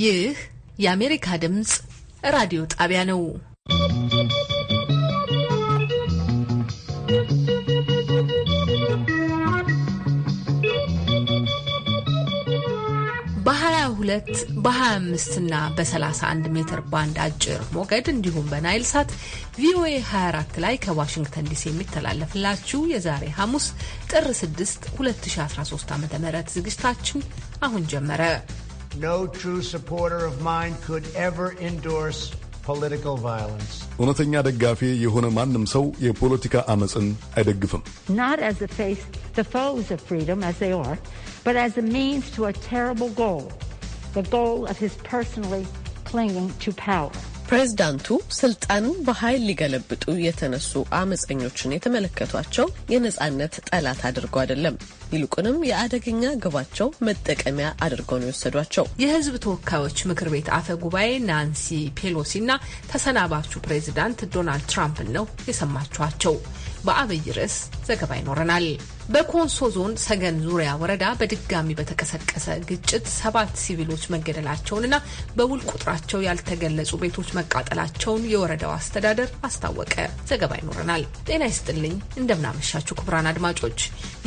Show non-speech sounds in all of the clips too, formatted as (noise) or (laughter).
ይህ የአሜሪካ ድምፅ ራዲዮ ጣቢያ ነው። በ22 በ25 እና በ31 ሜትር ባንድ አጭር ሞገድ እንዲሁም በናይል ሳት ቪኦኤ 24 ላይ ከዋሽንግተን ዲሲ የሚተላለፍላችሁ የዛሬ ሐሙስ ጥር 6 2013 ዓ ም ዝግጅታችን አሁን ጀመረ። no true supporter of mine could ever endorse political violence. እውነተኛ ደጋፊ የሆነ ማንም ሰው የፖለቲካ አመፅን አይደግፍም። Not as a face the foes of freedom as they are, but as a means to a terrible goal, the goal of his personally clinging to power. ፕሬዝዳንቱ ስልጣን በኃይል ሊገለብጡ የተነሱ አመፀኞችን የተመለከቷቸው የነጻነት ጠላት አድርጎ አይደለም፣ ይልቁንም የአደገኛ ግባቸው መጠቀሚያ አድርገው ነው የወሰዷቸው። የህዝብ ተወካዮች ምክር ቤት አፈ ጉባኤ ናንሲ ፔሎሲና ተሰናባቹ ፕሬዝዳንት ዶናልድ ትራምፕን ነው የሰማችኋቸው። በአብይ ርዕስ ዘገባ ይኖረናል። በኮንሶ ዞን ሰገን ዙሪያ ወረዳ በድጋሚ በተቀሰቀሰ ግጭት ሰባት ሲቪሎች መገደላቸውንና በውል ቁጥራቸው ያልተገለጹ ቤቶች መቃጠላቸውን የወረዳው አስተዳደር አስታወቀ። ዘገባ ይኖረናል። ጤና ይስጥልኝ፣ እንደምናመሻችሁ ክቡራን አድማጮች፣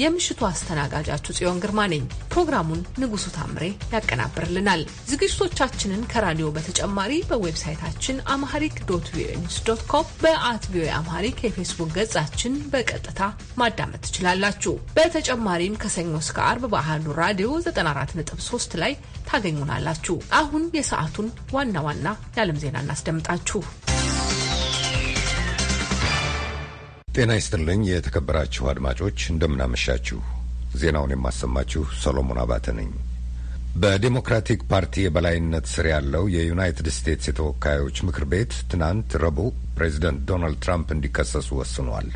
የምሽቱ አስተናጋጃችሁ ጽዮን ግርማ ነኝ። ፕሮግራሙን ንጉሱ ታምሬ ያቀናብርልናል። ዝግጅቶቻችንን ከራዲዮ በተጨማሪ በዌብሳይታችን አምሃሪክ ዶት ቪኦኤ ኒውስ ዶት ኮም፣ በአት ቪኦኤ አምሃሪክ የፌስቡክ ገጻችን በቀጥታ ማዳመጥ ትችላላችሁ። ናችሁ። በተጨማሪም ከሰኞ እስከ አርብ በአህዱ ራዲዮ 94.3 ላይ ታገኙናላችሁ። አሁን የሰዓቱን ዋና ዋና የዓለም ዜና እናስደምጣችሁ። ጤና ይስጥልኝ የተከበራችሁ አድማጮች፣ እንደምናመሻችሁ። ዜናውን የማሰማችሁ ሰሎሞን አባተ ነኝ። በዴሞክራቲክ ፓርቲ የበላይነት ስር ያለው የዩናይትድ ስቴትስ የተወካዮች ምክር ቤት ትናንት ረቡዕ ፕሬዚደንት ዶናልድ ትራምፕ እንዲከሰሱ ወስኗል።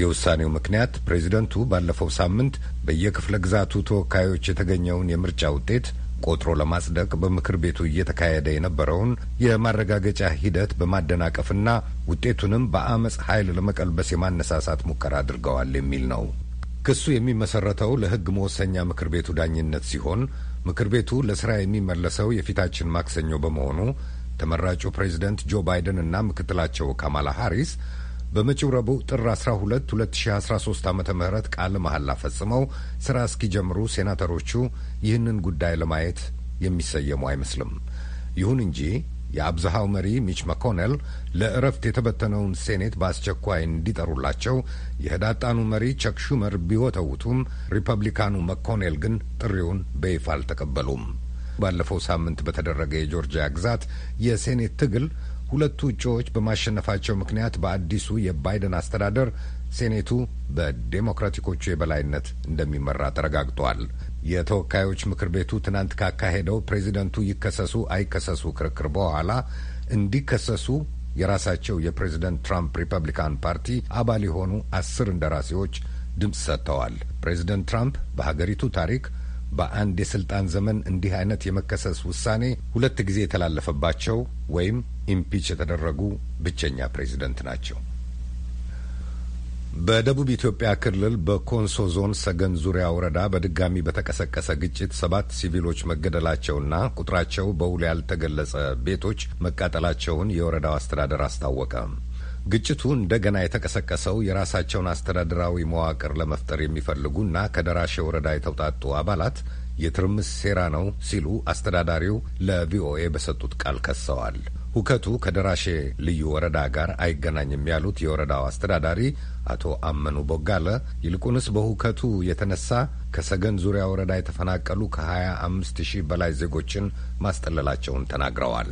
የውሳኔው ምክንያት ፕሬዚደንቱ ባለፈው ሳምንት በየክፍለ ግዛቱ ተወካዮች የተገኘውን የምርጫ ውጤት ቆጥሮ ለማጽደቅ በምክር ቤቱ እየተካሄደ የነበረውን የማረጋገጫ ሂደት በማደናቀፍና ውጤቱንም በአመፅ ኃይል ለመቀልበስ የማነሳሳት ሙከራ አድርገዋል የሚል ነው። ክሱ የሚመሰረተው ለሕግ መወሰኛ ምክር ቤቱ ዳኝነት ሲሆን ምክር ቤቱ ለስራ የሚመለሰው የፊታችን ማክሰኞ በመሆኑ ተመራጩ ፕሬዚደንት ጆ ባይደን እና ምክትላቸው ካማላ ሃሪስ በመጪው ረቡዕ ጥር 12 2013 ዓ ም ቃለ መሐላ ፈጽመው ሥራ እስኪጀምሩ ሴናተሮቹ ይህንን ጉዳይ ለማየት የሚሰየሙ አይመስልም። ይሁን እንጂ የአብዛሃው መሪ ሚች መኮኔል ለእረፍት የተበተነውን ሴኔት በአስቸኳይ እንዲጠሩላቸው የህዳጣኑ መሪ ቸክ ሹመር ቢወተውቱም ሪፐብሊካኑ መኮኔል ግን ጥሪውን በይፋ አልተቀበሉም። ባለፈው ሳምንት በተደረገ የጆርጂያ ግዛት የሴኔት ትግል ሁለቱ እጩዎች በማሸነፋቸው ምክንያት በአዲሱ የባይደን አስተዳደር ሴኔቱ በዴሞክራቲኮቹ የበላይነት እንደሚመራ ተረጋግጧል። የተወካዮች ምክር ቤቱ ትናንት ካካሄደው ፕሬዚደንቱ ይከሰሱ አይከሰሱ ክርክር በኋላ እንዲከሰሱ የራሳቸው የፕሬዚደንት ትራምፕ ሪፐብሊካን ፓርቲ አባል የሆኑ አስር እንደራሴዎች ድምፅ ሰጥተዋል። ፕሬዚደንት ትራምፕ በሀገሪቱ ታሪክ በአንድ የስልጣን ዘመን እንዲህ አይነት የመከሰስ ውሳኔ ሁለት ጊዜ የተላለፈባቸው ወይም ኢምፒች የተደረጉ ብቸኛ ፕሬዚደንት ናቸው። በደቡብ ኢትዮጵያ ክልል በኮንሶ ዞን ሰገን ዙሪያ ወረዳ በድጋሚ በተቀሰቀሰ ግጭት ሰባት ሲቪሎች መገደላቸውና ቁጥራቸው በውል ያልተገለጸ ቤቶች መቃጠላቸውን የወረዳው አስተዳደር አስታወቀ። ግጭቱ እንደገና የተቀሰቀሰው የራሳቸውን አስተዳደራዊ መዋቅር ለመፍጠር የሚፈልጉና ከደራሼ ወረዳ የተውጣጡ አባላት የትርምስ ሴራ ነው ሲሉ አስተዳዳሪው ለቪኦኤ በሰጡት ቃል ከሰዋል። ሁከቱ ከደራሼ ልዩ ወረዳ ጋር አይገናኝም ያሉት የወረዳው አስተዳዳሪ አቶ አመኑ ቦጋለ ይልቁንስ በሁከቱ የተነሳ ከሰገን ዙሪያ ወረዳ የተፈናቀሉ ከ25 ሺህ በላይ ዜጎችን ማስጠለላቸውን ተናግረዋል።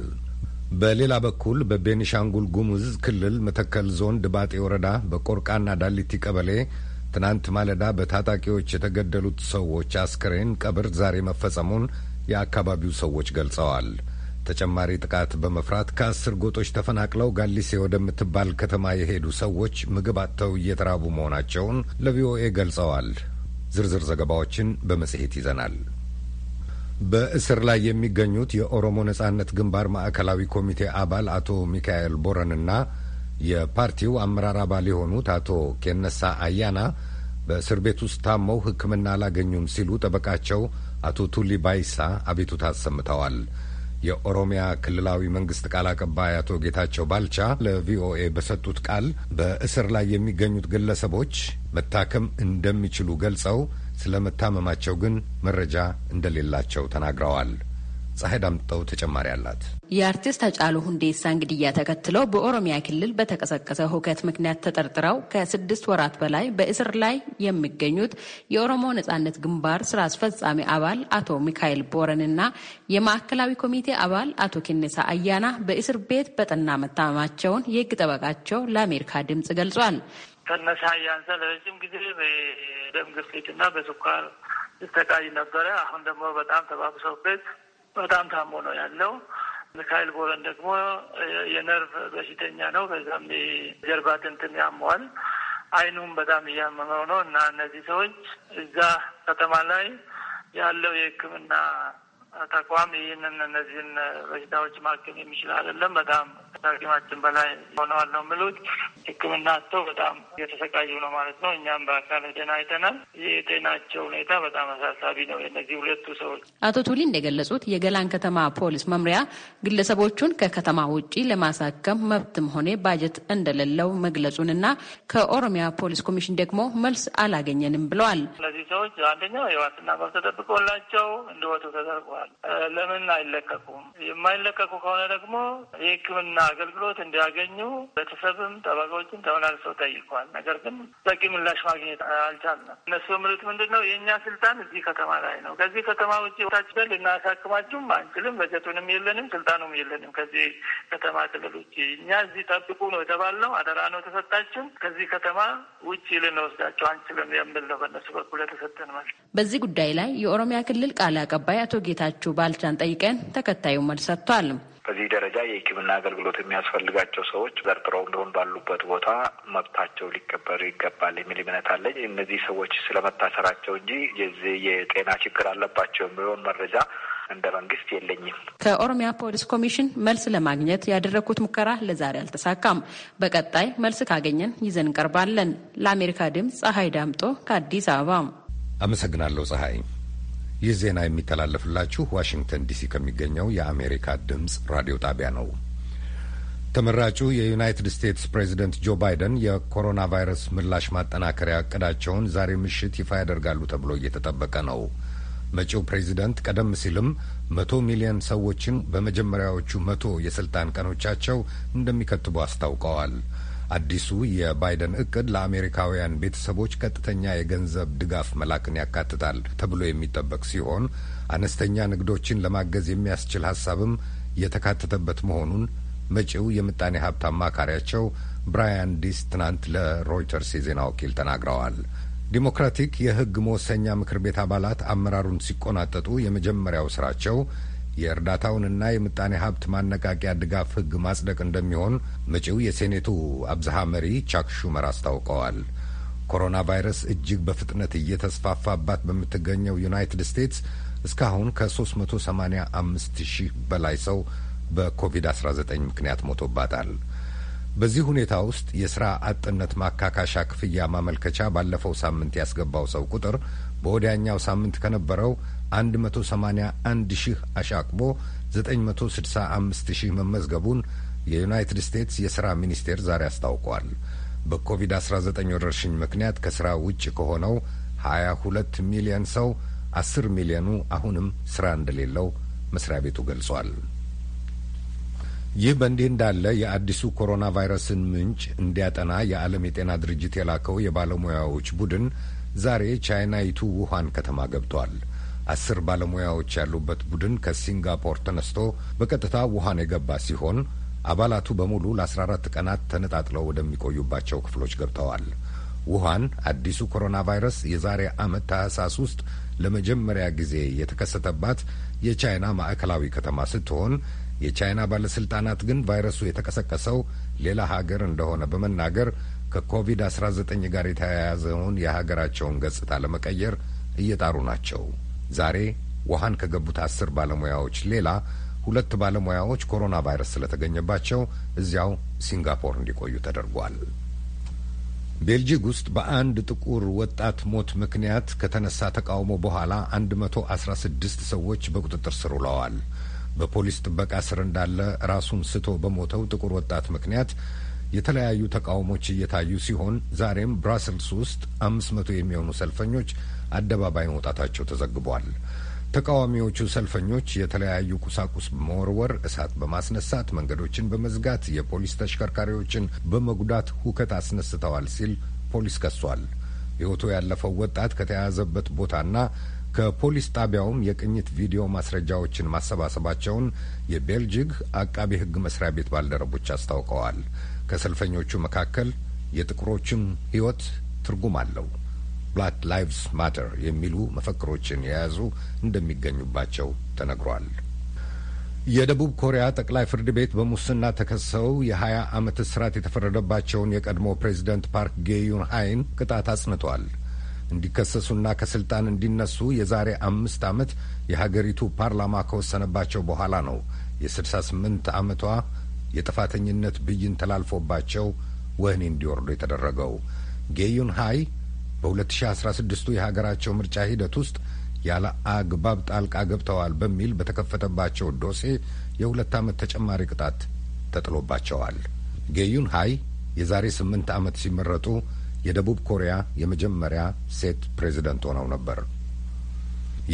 በሌላ በኩል በቤኒሻንጉል ጉሙዝ ክልል መተከል ዞን ድባጤ ወረዳ በቆርቃና ዳሊቲ ቀበሌ ትናንት ማለዳ በታጣቂዎች የተገደሉት ሰዎች አስክሬን ቀብር ዛሬ መፈጸሙን የአካባቢው ሰዎች ገልጸዋል። ተጨማሪ ጥቃት በመፍራት ከአስር ጎጦች ተፈናቅለው ጋሊሴ ወደምትባል ከተማ የሄዱ ሰዎች ምግብ አጥተው እየተራቡ መሆናቸውን ለቪኦኤ ገልጸዋል። ዝርዝር ዘገባዎችን በመጽሔት ይዘናል። በእስር ላይ የሚገኙት የኦሮሞ ነጻነት ግንባር ማዕከላዊ ኮሚቴ አባል አቶ ሚካኤል ቦረንና የፓርቲው አመራር አባል የሆኑት አቶ ኬነሳ አያና በእስር ቤት ውስጥ ታመው ሕክምና አላገኙም ሲሉ ጠበቃቸው አቶ ቱሊ ባይሳ አቤቱታ አሰምተዋል። የኦሮሚያ ክልላዊ መንግስት ቃል አቀባይ አቶ ጌታቸው ባልቻ ለቪኦኤ በሰጡት ቃል በእስር ላይ የሚገኙት ግለሰቦች መታከም እንደሚችሉ ገልጸው ስለ መታመማቸው ግን መረጃ እንደሌላቸው ተናግረዋል። ፀሐይ ዳምጠው ተጨማሪ አላት። የአርቲስት አጫሉ ሁንዴሳ እንግድያ ተከትለው በኦሮሚያ ክልል በተቀሰቀሰ ሁከት ምክንያት ተጠርጥረው ከስድስት ወራት በላይ በእስር ላይ የሚገኙት የኦሮሞ ነጻነት ግንባር ስራ አስፈጻሚ አባል አቶ ሚካኤል ቦረንና የማዕከላዊ ኮሚቴ አባል አቶ ኬኔሳ አያና በእስር ቤት በጠና መታመማቸውን የህግ ጠበቃቸው ለአሜሪካ ድምጽ ገልጿል። ከነሳ ያንሰ ለረጅም ጊዜ በደም ግፊትና በስኳር ይሰቃይ ነበረ። አሁን ደግሞ በጣም ተባብሰውበት በጣም ታሞ ነው ያለው። ሚካኤል ቦረን ደግሞ የነርቭ በሽተኛ ነው። በዛም ጀርባ ትንትን ያመዋል። አይኑም በጣም እያመመው ነው እና እነዚህ ሰዎች እዛ ከተማ ላይ ያለው የሕክምና ተቋም ይህንን እነዚህን በሽታዎች ማከም የሚችል አይደለም። በጣም ከአቅማችን በላይ ሆነዋል ነው የሚሉት። ሕክምና አጥተው በጣም እየተሰቃዩ ነው ማለት ነው። እኛም በአካል ሄደን አይተናል። የጤናቸው ሁኔታ በጣም አሳሳቢ ነው። የእነዚህ ሁለቱ ሰዎች አቶ ቱሊ እንደገለጹት የገላን ከተማ ፖሊስ መምሪያ ግለሰቦቹን ከከተማ ውጪ ለማሳከም መብትም ሆነ ባጀት እንደሌለው መግለጹንና ከኦሮሚያ ፖሊስ ኮሚሽን ደግሞ መልስ አላገኘንም ብለዋል። እነዚህ ሰዎች አንደኛው የዋስትና መብት ተጠብቆላቸው እንዲወጡ ተደርጓል። ለምን አይለቀቁም? የማይለቀቁ ከሆነ ደግሞ የሕክምና አገልግሎት እንዲያገኙ ቤተሰብም ጠበቃዎችም ተመላልሰው ጠይቀዋል። ነገር ግን በቂ ምላሽ ማግኘት አልቻልንም። እነሱ የምሉት ምንድን ነው? የእኛ ስልጣን እዚህ ከተማ ላይ ነው። ከዚህ ከተማ ውጭ ታችበን ልናሳክማችሁም አንችልም። በጀቱንም የለንም፣ ስልጣኑም የለንም። ከዚህ ከተማ ክልል ውጭ እኛ እዚህ ጠብቁ ነው የተባለው። አደራ ነው የተሰጣችሁን። ከዚህ ከተማ ውጭ ልንወስዳቸው አንችልም የምል ነው በእነሱ በኩል የተሰጠን ማለት። በዚህ ጉዳይ ላይ የኦሮሚያ ክልል ቃል አቀባይ አቶ ጌታችሁ ባልቻን ጠይቀን ተከታዩ መልስ ሰጥቷል። በዚህ ደረጃ የሕክምና አገልግሎት የሚያስፈልጋቸው ሰዎች ዘርጥረው እንደሆን ባሉበት ቦታ መብታቸው ሊከበር ይገባል የሚል እምነት አለኝ። እነዚህ ሰዎች ስለመታሰራቸው እንጂ የዚህ የጤና ችግር አለባቸው የሚሆን መረጃ እንደ መንግስት የለኝም። ከኦሮሚያ ፖሊስ ኮሚሽን መልስ ለማግኘት ያደረግኩት ሙከራ ለዛሬ አልተሳካም። በቀጣይ መልስ ካገኘን ይዘን እንቀርባለን። ለአሜሪካ ድምፅ ፀሐይ ዳምጦ ከአዲስ አበባ አመሰግናለሁ። ፀሐይ ይህ ዜና የሚተላለፍላችሁ ዋሽንግተን ዲሲ ከሚገኘው የአሜሪካ ድምፅ ራዲዮ ጣቢያ ነው። ተመራጩ የዩናይትድ ስቴትስ ፕሬዚደንት ጆ ባይደን የኮሮና ቫይረስ ምላሽ ማጠናከሪያ እቅዳቸውን ዛሬ ምሽት ይፋ ያደርጋሉ ተብሎ እየተጠበቀ ነው። መጪው ፕሬዚደንት ቀደም ሲልም መቶ ሚሊዮን ሰዎችን በመጀመሪያዎቹ መቶ የስልጣን ቀኖቻቸው እንደሚከትቡ አስታውቀዋል። አዲሱ የባይደን እቅድ ለአሜሪካውያን ቤተሰቦች ቀጥተኛ የገንዘብ ድጋፍ መላክን ያካትታል ተብሎ የሚጠበቅ ሲሆን አነስተኛ ንግዶችን ለማገዝ የሚያስችል ሀሳብም የተካተተበት መሆኑን መጪው የምጣኔ ሀብት አማካሪያቸው ብራያን ዲስ ትናንት ለሮይተርስ የዜና ወኪል ተናግረዋል። ዲሞክራቲክ የሕግ መወሰኛ ምክር ቤት አባላት አመራሩን ሲቆናጠጡ የመጀመሪያው ስራቸው የእርዳታውንና የምጣኔ ሀብት ማነቃቂያ ድጋፍ ህግ ማጽደቅ እንደሚሆን መጪው የሴኔቱ አብዝሃ መሪ ቻክ ሹመር አስታውቀዋል። ኮሮና ቫይረስ እጅግ በፍጥነት እየተስፋፋባት በምትገኘው ዩናይትድ ስቴትስ እስካሁን ከ385 ሺህ በላይ ሰው በኮቪድ-19 ምክንያት ሞቶባታል። በዚህ ሁኔታ ውስጥ የሥራ አጥነት ማካካሻ ክፍያ ማመልከቻ ባለፈው ሳምንት ያስገባው ሰው ቁጥር በወዲያኛው ሳምንት ከነበረው 181 ሺህ አሻቅቦ 965 ሺህ መመዝገቡን የዩናይትድ ስቴትስ የሥራ ሚኒስቴር ዛሬ አስታውቋል። በኮቪድ-19 ወረርሽኝ ምክንያት ከሥራ ውጭ ከሆነው 22 ሚሊዮን ሰው 10 ሚሊዮኑ አሁንም ሥራ እንደሌለው መስሪያ ቤቱ ገልጿል። ይህ በእንዲህ እንዳለ የአዲሱ ኮሮና ቫይረስን ምንጭ እንዲያጠና የዓለም የጤና ድርጅት የላከው የባለሙያዎች ቡድን ዛሬ ቻይናይቱ ውሃን ከተማ ገብቷል። አስር ባለሙያዎች ያሉበት ቡድን ከሲንጋፖር ተነስቶ በቀጥታ ውሃን የገባ ሲሆን አባላቱ በሙሉ ለ14 ቀናት ተነጣጥለው ወደሚቆዩባቸው ክፍሎች ገብተዋል። ውሃን አዲሱ ኮሮና ቫይረስ የዛሬ ዓመት ታህሳስ ውስጥ ለመጀመሪያ ጊዜ የተከሰተባት የቻይና ማዕከላዊ ከተማ ስትሆን የቻይና ባለሥልጣናት ግን ቫይረሱ የተቀሰቀሰው ሌላ ሀገር እንደሆነ በመናገር ከኮቪድ-19 ጋር የተያያዘውን የሀገራቸውን ገጽታ ለመቀየር እየጣሩ ናቸው። ዛሬ ውሃን ከገቡት አስር ባለሙያዎች ሌላ ሁለት ባለሙያዎች ኮሮና ቫይረስ ስለተገኘባቸው እዚያው ሲንጋፖር እንዲቆዩ ተደርጓል። ቤልጂክ ውስጥ በአንድ ጥቁር ወጣት ሞት ምክንያት ከተነሳ ተቃውሞ በኋላ 116 ሰዎች በቁጥጥር ስር ውለዋል። በፖሊስ ጥበቃ ስር እንዳለ ራሱን ስቶ በሞተው ጥቁር ወጣት ምክንያት የተለያዩ ተቃውሞች እየታዩ ሲሆን ዛሬም ብራስልስ ውስጥ 500 የሚሆኑ ሰልፈኞች አደባባይ መውጣታቸው ተዘግቧል። ተቃዋሚዎቹ ሰልፈኞች የተለያዩ ቁሳቁስ በመወርወር እሳት በማስነሳት መንገዶችን በመዝጋት የፖሊስ ተሽከርካሪዎችን በመጉዳት ሁከት አስነስተዋል ሲል ፖሊስ ከሷል። ሕይወቱ ያለፈው ወጣት ከተያያዘበት ቦታና ከፖሊስ ጣቢያውም የቅኝት ቪዲዮ ማስረጃዎችን ማሰባሰባቸውን የቤልጅግ አቃቤ ሕግ መስሪያ ቤት ባልደረቦች አስታውቀዋል። ከሰልፈኞቹ መካከል የጥቁሮችም ሕይወት ትርጉም አለው ብላክ ላይቭስ ማተር የሚሉ መፈክሮችን የያዙ እንደሚገኙባቸው ተነግሯል። የደቡብ ኮሪያ ጠቅላይ ፍርድ ቤት በሙስና ተከሰው የሀያ ዓመት እስራት የተፈረደባቸውን የቀድሞ ፕሬዚደንት ፓርክ ጌዩን ሃይን ቅጣት አጽንቷል። እንዲከሰሱና ከስልጣን እንዲነሱ የዛሬ አምስት ዓመት የሀገሪቱ ፓርላማ ከወሰነባቸው በኋላ ነው የ68 ዓመቷ የጥፋተኝነት ብይን ተላልፎባቸው ወህኒ እንዲወርዱ የተደረገው ጌዩን ሃይ በ2016ቱ የሀገራቸው ምርጫ ሂደት ውስጥ ያለ አግባብ ጣልቃ ገብተዋል በሚል በተከፈተባቸው ዶሴ የሁለት ዓመት ተጨማሪ ቅጣት ተጥሎባቸዋል። ጌዩን ሃይ የዛሬ ስምንት ዓመት ሲመረጡ የደቡብ ኮሪያ የመጀመሪያ ሴት ፕሬዝደንት ሆነው ነበር።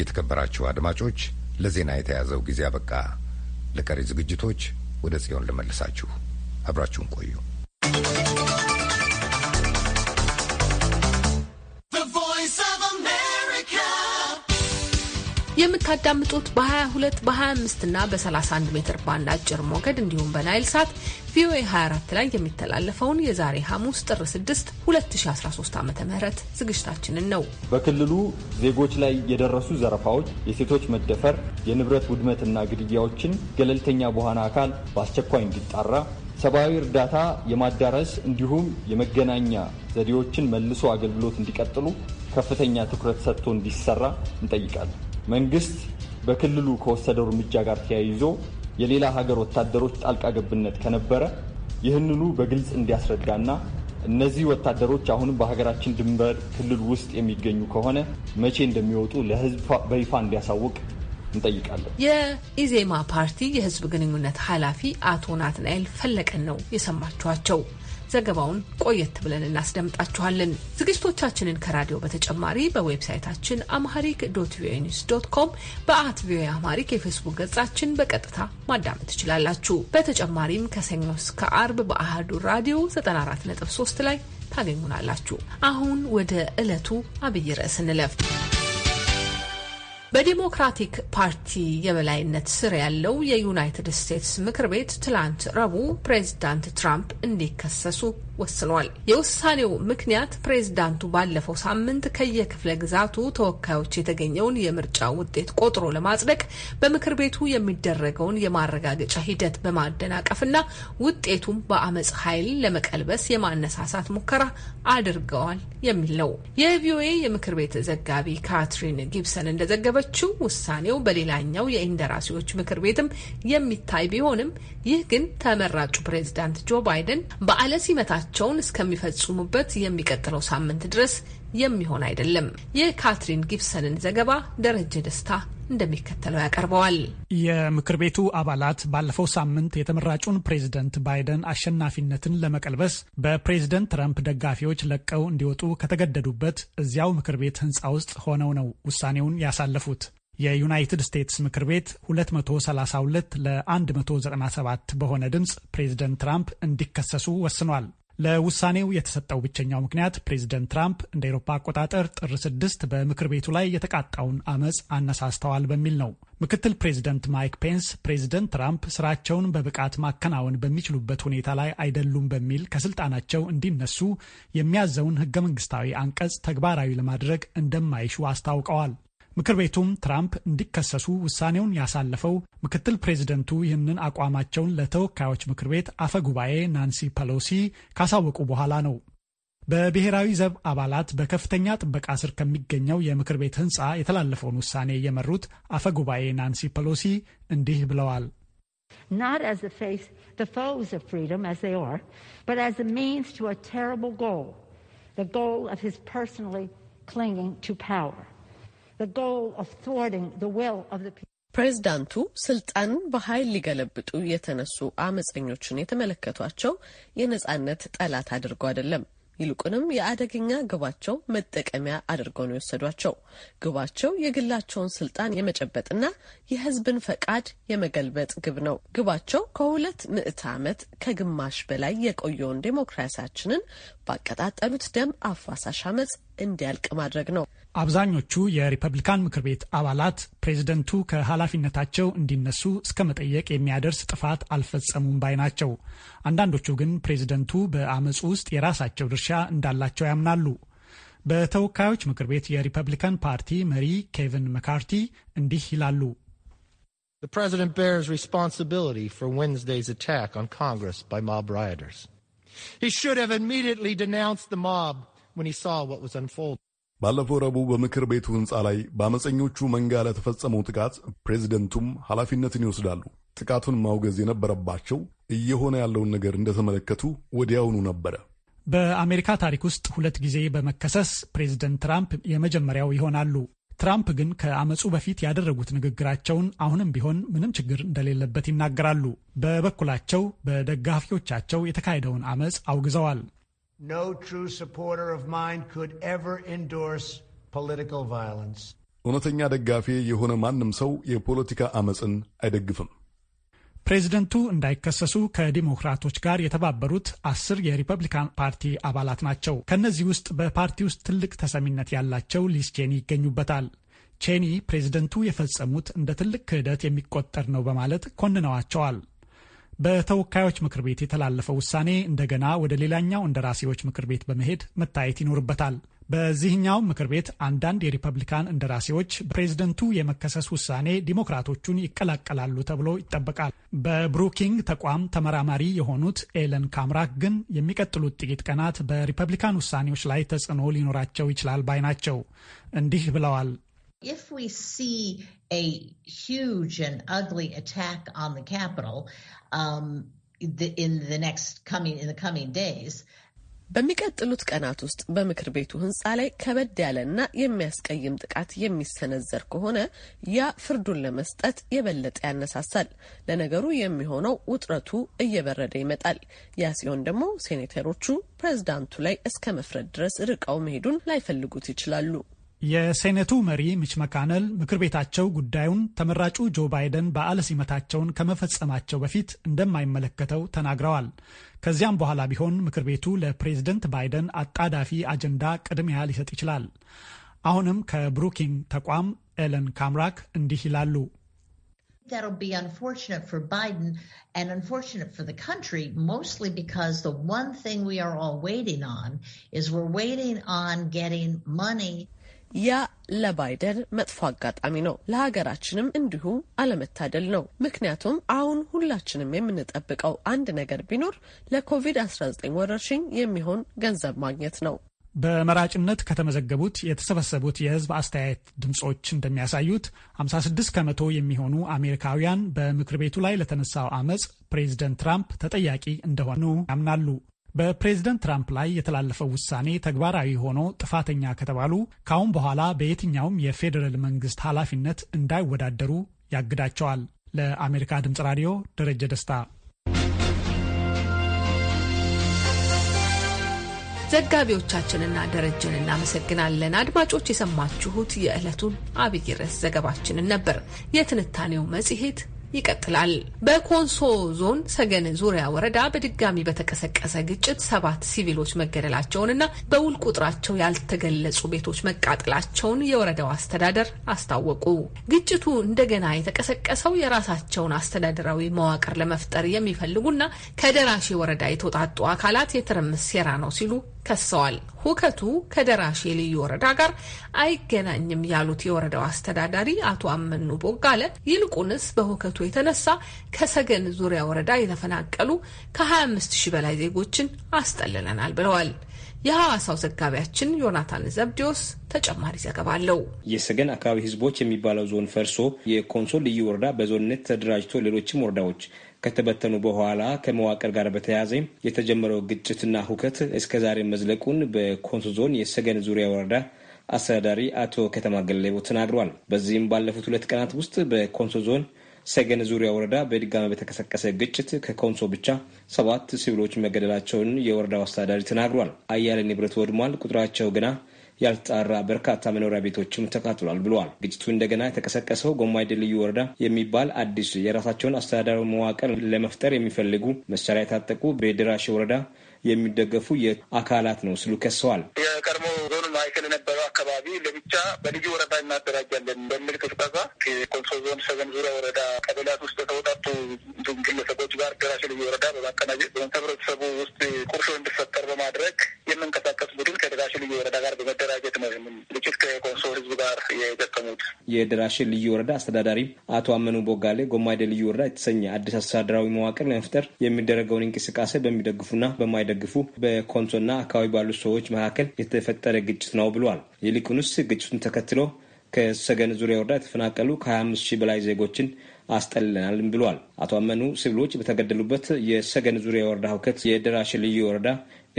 የተከበራችሁ አድማጮች፣ ለዜና የተያዘው ጊዜ አበቃ። ለቀሪ ዝግጅቶች ወደ ጽዮን ልመልሳችሁ። አብራችሁን ቆዩ። የምታዳምጡት በ22 በ25 እና በ31 ሜትር ባንድ አጭር ሞገድ እንዲሁም በናይል ሳት ቪኦኤ 24 ላይ የሚተላለፈውን የዛሬ ሐሙስ ጥር 6 2013 ዓ ም ዝግጅታችንን ነው። በክልሉ ዜጎች ላይ የደረሱ ዘረፋዎች፣ የሴቶች መደፈር፣ የንብረት ውድመትና ግድያዎችን ገለልተኛ በሆነ አካል በአስቸኳይ እንዲጣራ ሰብአዊ እርዳታ የማዳረስ እንዲሁም የመገናኛ ዘዴዎችን መልሶ አገልግሎት እንዲቀጥሉ ከፍተኛ ትኩረት ሰጥቶ እንዲሰራ እንጠይቃለን። መንግስት በክልሉ ከወሰደው እርምጃ ጋር ተያይዞ የሌላ ሀገር ወታደሮች ጣልቃ ገብነት ከነበረ ይህንኑ በግልጽ እንዲያስረዳና እነዚህ ወታደሮች አሁንም በሀገራችን ድንበር ክልል ውስጥ የሚገኙ ከሆነ መቼ እንደሚወጡ ለህዝብ በይፋ እንዲያሳውቅ እንጠይቃለን። የኢዜማ ፓርቲ የህዝብ ግንኙነት ኃላፊ አቶ ናትናኤል ፈለቀን ነው የሰማችኋቸው። ዘገባውን ቆየት ብለን እናስደምጣችኋለን። ዝግጅቶቻችንን ከራዲዮ በተጨማሪ በዌብሳይታችን አምሃሪክ ዶት ቪኦኤ ኒውስ ዶት ኮም፣ በአት ቪኦኤ አምሃሪክ የፌስቡክ ገጻችን በቀጥታ ማዳመጥ ትችላላችሁ። በተጨማሪም ከሰኞ እስከ አርብ በአህዱ ራዲዮ 94.3 ላይ ታገኙናላችሁ። አሁን ወደ ዕለቱ አብይ ርዕስ እንለፍ። በዲሞክራቲክ ፓርቲ የበላይነት ስር ያለው የዩናይትድ ስቴትስ ምክር ቤት ትላንት ረቡዕ ፕሬዚዳንት ትራምፕ እንዲከሰሱ ወስኗል። የውሳኔው ምክንያት ፕሬዝዳንቱ ባለፈው ሳምንት ከየክፍለ ግዛቱ ተወካዮች የተገኘውን የምርጫ ውጤት ቆጥሮ ለማጽደቅ በምክር ቤቱ የሚደረገውን የማረጋገጫ ሂደት በማደናቀፍና ውጤቱም በአመፅ ኃይል ለመቀልበስ የማነሳሳት ሙከራ አድርገዋል የሚል ነው። የቪኦኤ የምክር ቤት ዘጋቢ ካትሪን ጊብሰን እንደዘገበችው ውሳኔው በሌላኛው የኢንደራሲዎች ምክር ቤትም የሚታይ ቢሆንም ይህ ግን ተመራጩ ፕሬዝዳንት ጆ ባይደን በዓለ ሲመታ ግዳቸውን እስከሚፈጽሙበት የሚቀጥለው ሳምንት ድረስ የሚሆን አይደለም። የካትሪን ጊብሰንን ዘገባ ደረጀ ደስታ እንደሚከተለው ያቀርበዋል። የምክር ቤቱ አባላት ባለፈው ሳምንት የተመራጩን ፕሬዝደንት ባይደን አሸናፊነትን ለመቀልበስ በፕሬዝደንት ትራምፕ ደጋፊዎች ለቀው እንዲወጡ ከተገደዱበት እዚያው ምክር ቤት ህንፃ ውስጥ ሆነው ነው ውሳኔውን ያሳለፉት። የዩናይትድ ስቴትስ ምክር ቤት 232 ለ197 በሆነ ድምፅ ፕሬዝደንት ትራምፕ እንዲከሰሱ ወስኗል። ለውሳኔው የተሰጠው ብቸኛው ምክንያት ፕሬዚደንት ትራምፕ እንደ ኤሮፓ አቆጣጠር ጥር ስድስት በምክር ቤቱ ላይ የተቃጣውን አመፅ አነሳስተዋል በሚል ነው። ምክትል ፕሬዚደንት ማይክ ፔንስ ፕሬዚደንት ትራምፕ ስራቸውን በብቃት ማከናወን በሚችሉበት ሁኔታ ላይ አይደሉም በሚል ከስልጣናቸው እንዲነሱ የሚያዘውን ህገ መንግስታዊ አንቀጽ ተግባራዊ ለማድረግ እንደማይሹ አስታውቀዋል። ምክር ቤቱም ትራምፕ እንዲከሰሱ ውሳኔውን ያሳለፈው ምክትል ፕሬዚደንቱ ይህንን አቋማቸውን ለተወካዮች ምክር ቤት አፈ ጉባኤ ናንሲ ፐሎሲ ካሳወቁ በኋላ ነው። በብሔራዊ ዘብ አባላት በከፍተኛ ጥበቃ ስር ከሚገኘው የምክር ቤት ህንፃ የተላለፈውን ውሳኔ የመሩት አፈ ጉባኤ ናንሲ ፐሎሲ እንዲህ ብለዋል። ስ ፕሬዝዳንቱ ስልጣንን በኃይል ሊገለብጡ የተነሱ አመፀኞችን የተመለከቷቸው የነጻነት ጠላት አድርጎ አይደለም። ይልቁንም የአደገኛ ግባቸው መጠቀሚያ አድርገው ነው የወሰዷቸው። ግባቸው የግላቸውን ስልጣን የመጨበጥና የሕዝብን ፈቃድ የመገልበጥ ግብ ነው። ግባቸው ከሁለት ምዕተ ዓመት ከግማሽ በላይ የቆየውን ዴሞክራሲያችንን ባቀጣጠሉት ደም አፋሳሽ አመፅ እንዲያልቅ ማድረግ ነው። አብዛኞቹ የሪፐብሊካን ምክር ቤት አባላት ፕሬዝደንቱ ከኃላፊነታቸው እንዲነሱ እስከ መጠየቅ የሚያደርስ ጥፋት አልፈጸሙም ባይ ናቸው። አንዳንዶቹ ግን ፕሬዝደንቱ በአመፁ ውስጥ የራሳቸው ድርሻ እንዳላቸው ያምናሉ። በተወካዮች ምክር ቤት የሪፐብሊካን ፓርቲ መሪ ኬቪን መካርቲ እንዲህ ይላሉ። ፕሬዚደንት ቤርስ ሪስፖንሲቢሊቲ ፎር ዌንዝዴይስ አታክ ኦን ኮንግረስ ባይ ሞብ ራይተርስ He should have immediately denounced the mob when he saw what was unfolding. ባለፈው ረቡዕ በምክር ቤቱ ህንፃ ላይ በአመፀኞቹ መንጋ ለተፈጸመው ጥቃት ፕሬዚደንቱም ኃላፊነትን ይወስዳሉ። ጥቃቱን ማውገዝ የነበረባቸው እየሆነ ያለውን ነገር እንደተመለከቱ ወዲያውኑ ነበረ። በአሜሪካ ታሪክ ውስጥ ሁለት ጊዜ በመከሰስ ፕሬዚደንት ትራምፕ የመጀመሪያው ይሆናሉ። ትራምፕ ግን ከአመፁ በፊት ያደረጉት ንግግራቸውን አሁንም ቢሆን ምንም ችግር እንደሌለበት ይናገራሉ። በበኩላቸው በደጋፊዎቻቸው የተካሄደውን አመፅ አውግዘዋል። No true supporter of mine could ever endorse political violence. እውነተኛ ደጋፊ የሆነ ማንም ሰው የፖለቲካ አመፅን አይደግፍም። ፕሬዚደንቱ እንዳይከሰሱ ከዲሞክራቶች ጋር የተባበሩት አስር የሪፐብሊካን ፓርቲ አባላት ናቸው። ከእነዚህ ውስጥ በፓርቲ ውስጥ ትልቅ ተሰሚነት ያላቸው ሊስ ቼኒ ይገኙበታል። ቼኒ ፕሬዚደንቱ የፈጸሙት እንደ ትልቅ ክህደት የሚቆጠር ነው በማለት ኮንነዋቸዋል። በተወካዮች ምክር ቤት የተላለፈው ውሳኔ እንደገና ወደ ሌላኛው እንደራሴዎች ምክር ቤት በመሄድ መታየት ይኖርበታል። በዚህኛው ምክር ቤት አንዳንድ የሪፐብሊካን እንደራሴዎች በፕሬዝደንቱ የመከሰስ ውሳኔ ዲሞክራቶቹን ይቀላቀላሉ ተብሎ ይጠበቃል። በብሩኪንግ ተቋም ተመራማሪ የሆኑት ኤለን ካምራክ ግን የሚቀጥሉት ጥቂት ቀናት በሪፐብሊካን ውሳኔዎች ላይ ተጽዕኖ ሊኖራቸው ይችላል ባይ ናቸው። እንዲህ ብለዋል። If we see a huge and ugly attack on the Capitol, um, in the next coming in the coming days. በሚቀጥሉት ቀናት ውስጥ በምክር ቤቱ ህንፃ ላይ ከበድ ያለና የሚያስቀይም ጥቃት የሚሰነዘር ከሆነ ያ ፍርዱን ለመስጠት የበለጠ ያነሳሳል። ለነገሩ የሚሆነው ውጥረቱ እየበረደ ይመጣል። ያ ሲሆን ደግሞ ሴኔተሮቹ ፕሬዝዳንቱ ላይ እስከ መፍረድ ድረስ ርቀው መሄዱን ላይፈልጉት ይችላሉ። የሴኔቱ መሪ ሚች መካነል ምክር ቤታቸው ጉዳዩን ተመራጩ ጆ ባይደን በዓለ ሲመታቸውን ከመፈጸማቸው በፊት እንደማይመለከተው ተናግረዋል። ከዚያም በኋላ ቢሆን ምክር ቤቱ ለፕሬዝደንት ባይደን አጣዳፊ አጀንዳ ቅድሚያ ሊሰጥ ይችላል። አሁንም ከብሩኪንግ ተቋም ኤለን ካምራክ እንዲህ ይላሉ። That'll be unfortunate ያ ለባይደን መጥፎ አጋጣሚ ነው፣ ለሀገራችንም እንዲሁ አለመታደል ነው። ምክንያቱም አሁን ሁላችንም የምንጠብቀው አንድ ነገር ቢኖር ለኮቪድ-19 ወረርሽኝ የሚሆን ገንዘብ ማግኘት ነው። በመራጭነት ከተመዘገቡት የተሰበሰቡት የህዝብ አስተያየት ድምፆች እንደሚያሳዩት 56 ከመቶ የሚሆኑ አሜሪካውያን በምክር ቤቱ ላይ ለተነሳው አመፅ ፕሬዚደንት ትራምፕ ተጠያቂ እንደሆኑ ያምናሉ። በፕሬዝደንት ትራምፕ ላይ የተላለፈው ውሳኔ ተግባራዊ ሆኖ ጥፋተኛ ከተባሉ ካሁን በኋላ በየትኛውም የፌዴራል መንግስት ኃላፊነት እንዳይወዳደሩ ያግዳቸዋል። ለአሜሪካ ድምፅ ራዲዮ ደረጀ ደስታ። ዘጋቢዎቻችንና ደረጀን እናመሰግናለን። አድማጮች የሰማችሁት የዕለቱን አብይ ርዕስ ዘገባችንን ነበር። የትንታኔው መጽሔት ይቀጥላል። በኮንሶ ዞን ሰገን ዙሪያ ወረዳ በድጋሚ በተቀሰቀሰ ግጭት ሰባት ሲቪሎች መገደላቸውንና በውል ቁጥራቸው ያልተገለጹ ቤቶች መቃጠላቸውን የወረዳው አስተዳደር አስታወቁ። ግጭቱ እንደገና የተቀሰቀሰው የራሳቸውን አስተዳደራዊ መዋቅር ለመፍጠር የሚፈልጉና ከደራሼ ወረዳ የተውጣጡ አካላት የትርምስ ሴራ ነው ሲሉ ከሰዋል። ሁከቱ ከደራሼ ልዩ ወረዳ ጋር አይገናኝም ያሉት የወረዳው አስተዳዳሪ አቶ አመኑ ቦጋለ ይልቁንስ በሁከቱ የተነሳ ከሰገን ዙሪያ ወረዳ የተፈናቀሉ ከ25 ሺህ በላይ ዜጎችን አስጠልለናል ብለዋል። የሐዋሳው ዘጋቢያችን ዮናታን ዘብዲዎስ ተጨማሪ ዘገባ አለው። የሰገን አካባቢ ህዝቦች የሚባለው ዞን ፈርሶ የኮንሶል ልዩ ወረዳ በዞንነት ተደራጅቶ ሌሎችም ወረዳዎች ከተበተኑ በኋላ ከመዋቅር ጋር በተያያዘ የተጀመረው ግጭትና ሁከት እስከዛሬ መዝለቁን በኮንሶ ዞን የሰገን ዙሪያ ወረዳ አስተዳዳሪ አቶ ከተማ ገለቦ ተናግረዋል። በዚህም ባለፉት ሁለት ቀናት ውስጥ በኮንሶ ዞን ሰገን ዙሪያ ወረዳ በድጋሚ በተቀሰቀሰ ግጭት ከኮንሶ ብቻ ሰባት ሲቪሎች መገደላቸውን የወረዳው አስተዳዳሪ ተናግሯል። አያሌ ንብረት ወድሟል። ቁጥራቸው ግና ያልጣራ በርካታ መኖሪያ ቤቶችም ተቃጥሏል ብለዋል። ግጭቱ እንደገና የተቀሰቀሰው ጎማይደ ልዩ ወረዳ የሚባል አዲስ የራሳቸውን አስተዳደር መዋቅር ለመፍጠር የሚፈልጉ መሳሪያ የታጠቁ በድራሽ ወረዳ የሚደገፉ የአካላት ነው ሲሉ ከሰዋል። የቀድሞ ዞኑ ማዕከል የነበረው አካባቢ ለብቻ በልዩ ወረዳ እናደራጃለን በሚል ቅስቀሳ ኮንሶ ዞን ሰገን ዙሪያ ወረዳ ቀበሌያት ውስጥ የተወጣጡ ግለሰቦች ጋር ድራሽ ልዩ ወረዳ በማቀናጀት ተብረ የደራሼ ልዩ ወረዳ አስተዳዳሪ አቶ አመኑ ቦጋሌ ጎማይደ ልዩ ወረዳ የተሰኘ አዲስ አስተዳደራዊ መዋቅር ለመፍጠር የሚደረገውን እንቅስቃሴ በሚደግፉና በማይደግፉ በኮንሶና አካባቢ ባሉ ሰዎች መካከል የተፈጠረ ግጭት ነው ብሏል። ይልቁንስ ግጭቱን ተከትሎ ከሰገን ዙሪያ ወረዳ የተፈናቀሉ ከ25 ሺህ በላይ ዜጎችን አስጠልለናልም ብሏል። አቶ አመኑ ስብሎች በተገደሉበት የሰገን ዙሪያ ወረዳ ሁከት የደራሽ ልዩ ወረዳ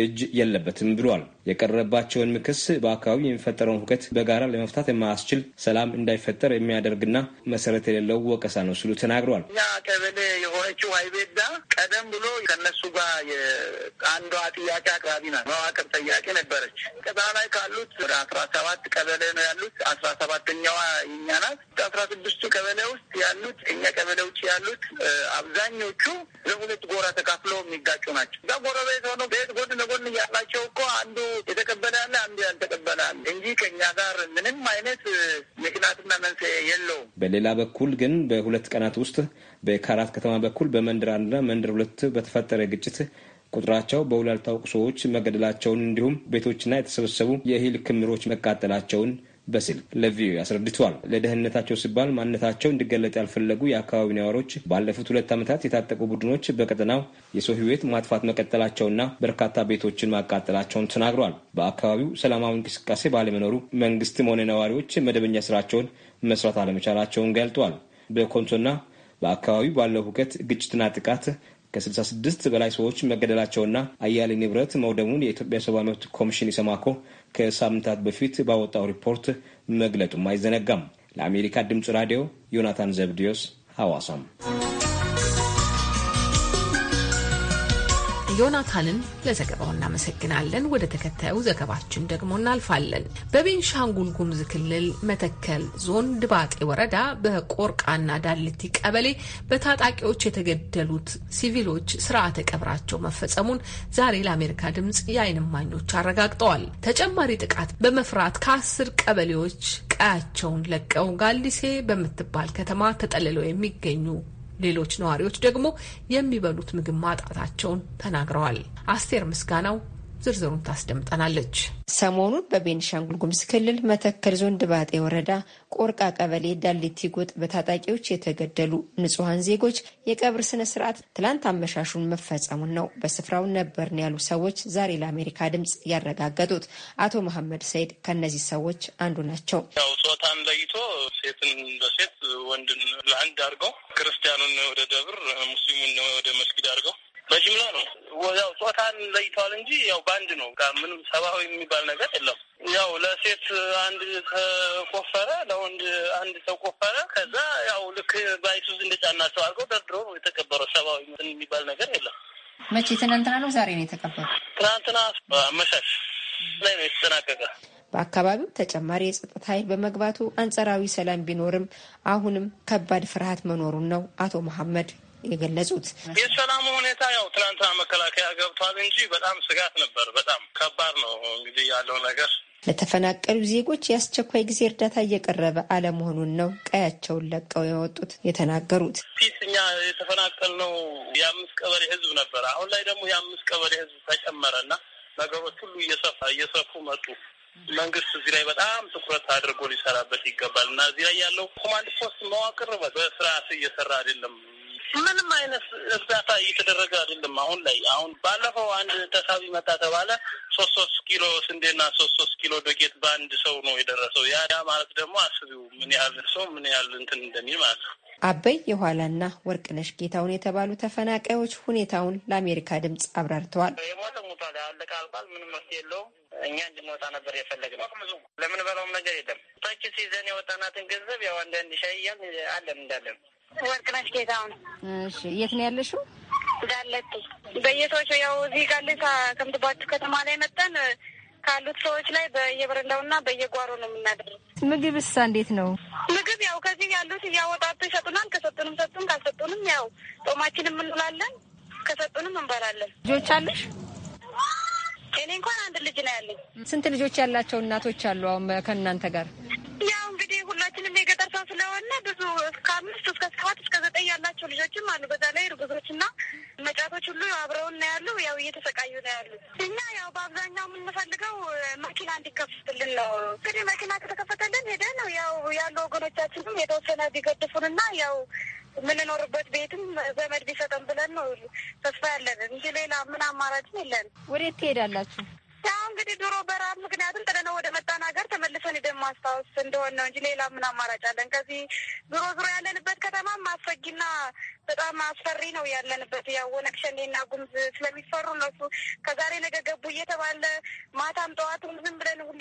እጅ የለበትም ብሏል። የቀረባቸውን ምክስ በአካባቢ የሚፈጠረውን ሁከት በጋራ ለመፍታት የማያስችል ሰላም እንዳይፈጠር የሚያደርግና መሰረት የሌለው ወቀሳ ነው ሲሉ ተናግረዋል። እኛ ቀበሌ የሆነችው ሀይቤዳ ቀደም ብሎ ከነሱ ጋር አንዷ ጥያቄ አቅራቢ ናት። መዋቅር ጥያቄ ነበረች። ቀዛ ላይ ካሉት ወደ አስራ ሰባት ቀበሌ ነው ያሉት። አስራ ሰባተኛዋ የኛ ናት። አስራ ስድስቱ ቀበሌ ውስጥ ያሉት እኛ ቀበሌ ውጭ ያሉት አብዛኞቹ ለሁለት ጎራ ተካፍለው የሚጋጩ ናቸው። እዛ ጎረቤት ሆኖ ቤት ጎን ለጎን እያላቸው እኮ አንዱ የተቀበለ አለ፣ አንዱ ያልተቀበለ አለ እንጂ ከኛ ጋር ምንም አይነት ምክንያትና መንስኤ የለውም። በሌላ በኩል ግን በሁለት ቀናት ውስጥ በካራት ከተማ በኩል በመንደር አንድና መንደር ሁለት በተፈጠረ ግጭት ቁጥራቸው በውል ያልታወቁ ሰዎች መገደላቸውን እንዲሁም ቤቶችና የተሰበሰቡ የእህል ክምሮች መቃጠላቸውን በስልክ ለቪኦኤ አስረድተዋል። ለደህንነታቸው ሲባል ማንነታቸው እንዲገለጥ ያልፈለጉ የአካባቢ ነዋሪዎች ባለፉት ሁለት ዓመታት የታጠቁ ቡድኖች በቀጠናው የሰው ህይወት ማጥፋት መቀጠላቸውና በርካታ ቤቶችን ማቃጠላቸውን ተናግረዋል። በአካባቢው ሰላማዊ እንቅስቃሴ ባለመኖሩ መንግስትም ሆነ ነዋሪዎች መደበኛ ስራቸውን መስራት አለመቻላቸውን ገልጠዋል። በኮንሶና በአካባቢው ባለው ሁከት ግጭትና ጥቃት ከ66 በላይ ሰዎች መገደላቸውና አያሌ ንብረት መውደሙን የኢትዮጵያ ሰብአዊ መብት ኮሚሽን ኢሰማኮ ከሳምንታት በፊት ባወጣው ሪፖርት መግለጡም አይዘነጋም። ለአሜሪካ ድምፅ ራዲዮ ዮናታን ዘብዲዮስ ሐዋሳም ዮናታንን ለዘገባው እናመሰግናለን። ወደ ተከታዩ ዘገባችን ደግሞ እናልፋለን። በቤንሻንጉል ጉሙዝ ክልል መተከል ዞን ድባጤ ወረዳ በቆርቃና ዳልቲ ቀበሌ በታጣቂዎች የተገደሉት ሲቪሎች ስርዓተ ቀብራቸው መፈጸሙን ዛሬ ለአሜሪካ ድምፅ የዓይን እማኞች አረጋግጠዋል። ተጨማሪ ጥቃት በመፍራት ከአስር ቀበሌዎች ቀያቸውን ለቀው ጋሊሴ በምትባል ከተማ ተጠልለው የሚገኙ ሌሎች ነዋሪዎች ደግሞ የሚበሉት ምግብ ማጣታቸውን ተናግረዋል። አስቴር ምስጋናው ዝርዝሩን ታስደምጠናለች። ሰሞኑን በቤንሻንጉል ጉምዝ ክልል መተከል ዞን ድባጤ ወረዳ ቆርቃ ቀበሌ ዳሊቲ ጎጥ በታጣቂዎች የተገደሉ ንጹሐን ዜጎች የቀብር ስነ ስርዓት ትላንት አመሻሹን መፈጸሙን ነው በስፍራው ነበርን ያሉ ሰዎች ዛሬ ለአሜሪካ ድምፅ ያረጋገጡት። አቶ መሐመድ ሰይድ ከእነዚህ ሰዎች አንዱ ናቸው። ያው ጾታን ለይቶ ሴትን በሴት ወንድን ለአንድ አድርገው ክርስቲያኑን ወደ ደብር ሙስሊሙን ወደ መስጊድ አድርገው በጅምላ ነው። ያው ጾታን ለይተዋል እንጂ ያው በአንድ ነው። ምንም ሰብአዊ የሚባል ነገር የለም። ያው ለሴት አንድ ተቆፈረ፣ ለወንድ አንድ ተቆፈረ። ከዛ ያው ልክ በአይሱዝ እንደጫናቸው አድርገው ደርድሮ የተቀበረው ሰብአዊ የሚባል ነገር የለም። መቼ? ትናንትና ነው ዛሬ ነው የተቀበረው? ትናንትና አመሻሽ ላይ ነው የተጠናቀቀ። በአካባቢው ተጨማሪ የጸጥታ ኃይል በመግባቱ አንጸራዊ ሰላም ቢኖርም አሁንም ከባድ ፍርሃት መኖሩን ነው አቶ መሐመድ የገለጹት። የሰላሙ ሁኔታ ያው ትናንትና መከላከያ ገብቷል እንጂ በጣም ስጋት ነበር። በጣም ከባድ ነው እንግዲህ ያለው ነገር። ለተፈናቀሉ ዜጎች የአስቸኳይ ጊዜ እርዳታ እየቀረበ አለመሆኑን ነው ቀያቸውን ለቀው የወጡት የተናገሩት። ፊት እኛ የተፈናቀልነው የአምስት ቀበሌ ህዝብ ነበር። አሁን ላይ ደግሞ የአምስት ቀበሌ ህዝብ ተጨመረና ነገሮች ሁሉ እየሰፋ እየሰፉ መጡ። መንግስት እዚህ ላይ በጣም ትኩረት አድርጎ ሊሰራበት ይገባል እና እዚህ ላይ ያለው ኮማንድ ፖስት መዋቅር በስርዓት እየሰራ አይደለም። ምንም አይነት እርዳታ እየተደረገ አይደለም። አሁን ላይ አሁን ባለፈው አንድ ተሳቢ መጣ ተባለ ሶስት ሶስት ኪሎ ስንዴና ሶስት ሶስት ኪሎ ዶቄት በአንድ ሰው ነው የደረሰው። ያ ማለት ደግሞ አስቢው ምን ያህል ሰው ምን ያህል እንትን እንደሚል ማለት ነው። አበይ የኋላና ወርቅነሽ ጌታውን የተባሉ ተፈናቃዮች ሁኔታውን ለአሜሪካ ድምፅ አብራርተዋል። የሞተ ሞቷል፣ አለቀ አልቋል። ምንም መፍትሄ የለውም። እኛ እንድንወጣ ነበር የፈለግነው። ለምን በላውም ነገር የለም። ታች ሲዘን የወጣናትን ገንዘብ ያው አንዳንድ ሻይ አለን እንዳለን ወርቅነሽ ጌታሁን። እሺ፣ የት ነው ያለሽው? ዳለቲ በየሰዎቹ ያው እዚህ ጋሌሳ ከተማ ላይ መጠን ካሉት ሰዎች ላይ በየበረንዳውና በየጓሮ ነው የምናደርገው። ምግብ እሳ እንዴት ነው ምግብ? ያው ከዚህ ያሉት እያወጣቱ ይሰጡናል። ከሰጡንም ሰጡን፣ ካልሰጡንም ያው ጦማችንም እንውላለን። ከሰጡንም እንበላለን። ልጆች አሉሽ? እኔ እንኳን አንድ ልጅ ነው ያለኝ። ስንት ልጆች ያላቸው እናቶች አሉ አሁን ከእናንተ ጋር? ያው እንግዲህ ሁላችንም የገጠር ሰው ስለሆነ ብዙ እስከ አምስት እስከ ሰባት እስከ ዘጠኝ ያላቸው ልጆችም አሉ። በዛ ላይ እርጉዞችና መጫቶች ሁሉ አብረውን ነው ያሉ። ያው እየተሰቃዩ ነው ያሉ። እኛ ያው በአብዛኛው የምንፈልገው መኪና እንዲከፈትልን ነው። እንግዲህ መኪና ከተከፈተልን ነው ያው ያሉ ወገኖቻችንም የተወሰነ ቢገድፉንና ያው የምንኖርበት ቤትም ዘመድ ቢሰጠን ብለን ነው ተስፋ ያለን እንጂ ሌላ ምን አማራጭም የለን። ወዴት ትሄዳላችሁ? ያው እንግዲህ ድሮ በረሀብ ምክንያቱም ጥለነው ወደ መጣን ሀገር ተመልሰን ሄደን ማስታወስ እንደሆን ነው እንጂ ሌላ ምን አማራጭ አለን? ከዚህ ዞሮ ዞሮ ያለንበት ከተማም አስፈጊና በጣም አስፈሪ ነው ያለንበት። ያው ወነግ ሸኔና ጉምዝ ስለሚፈሩ እነሱ ከዛሬ ነገ ገቡ እየተባለ ማታም ጠዋቱም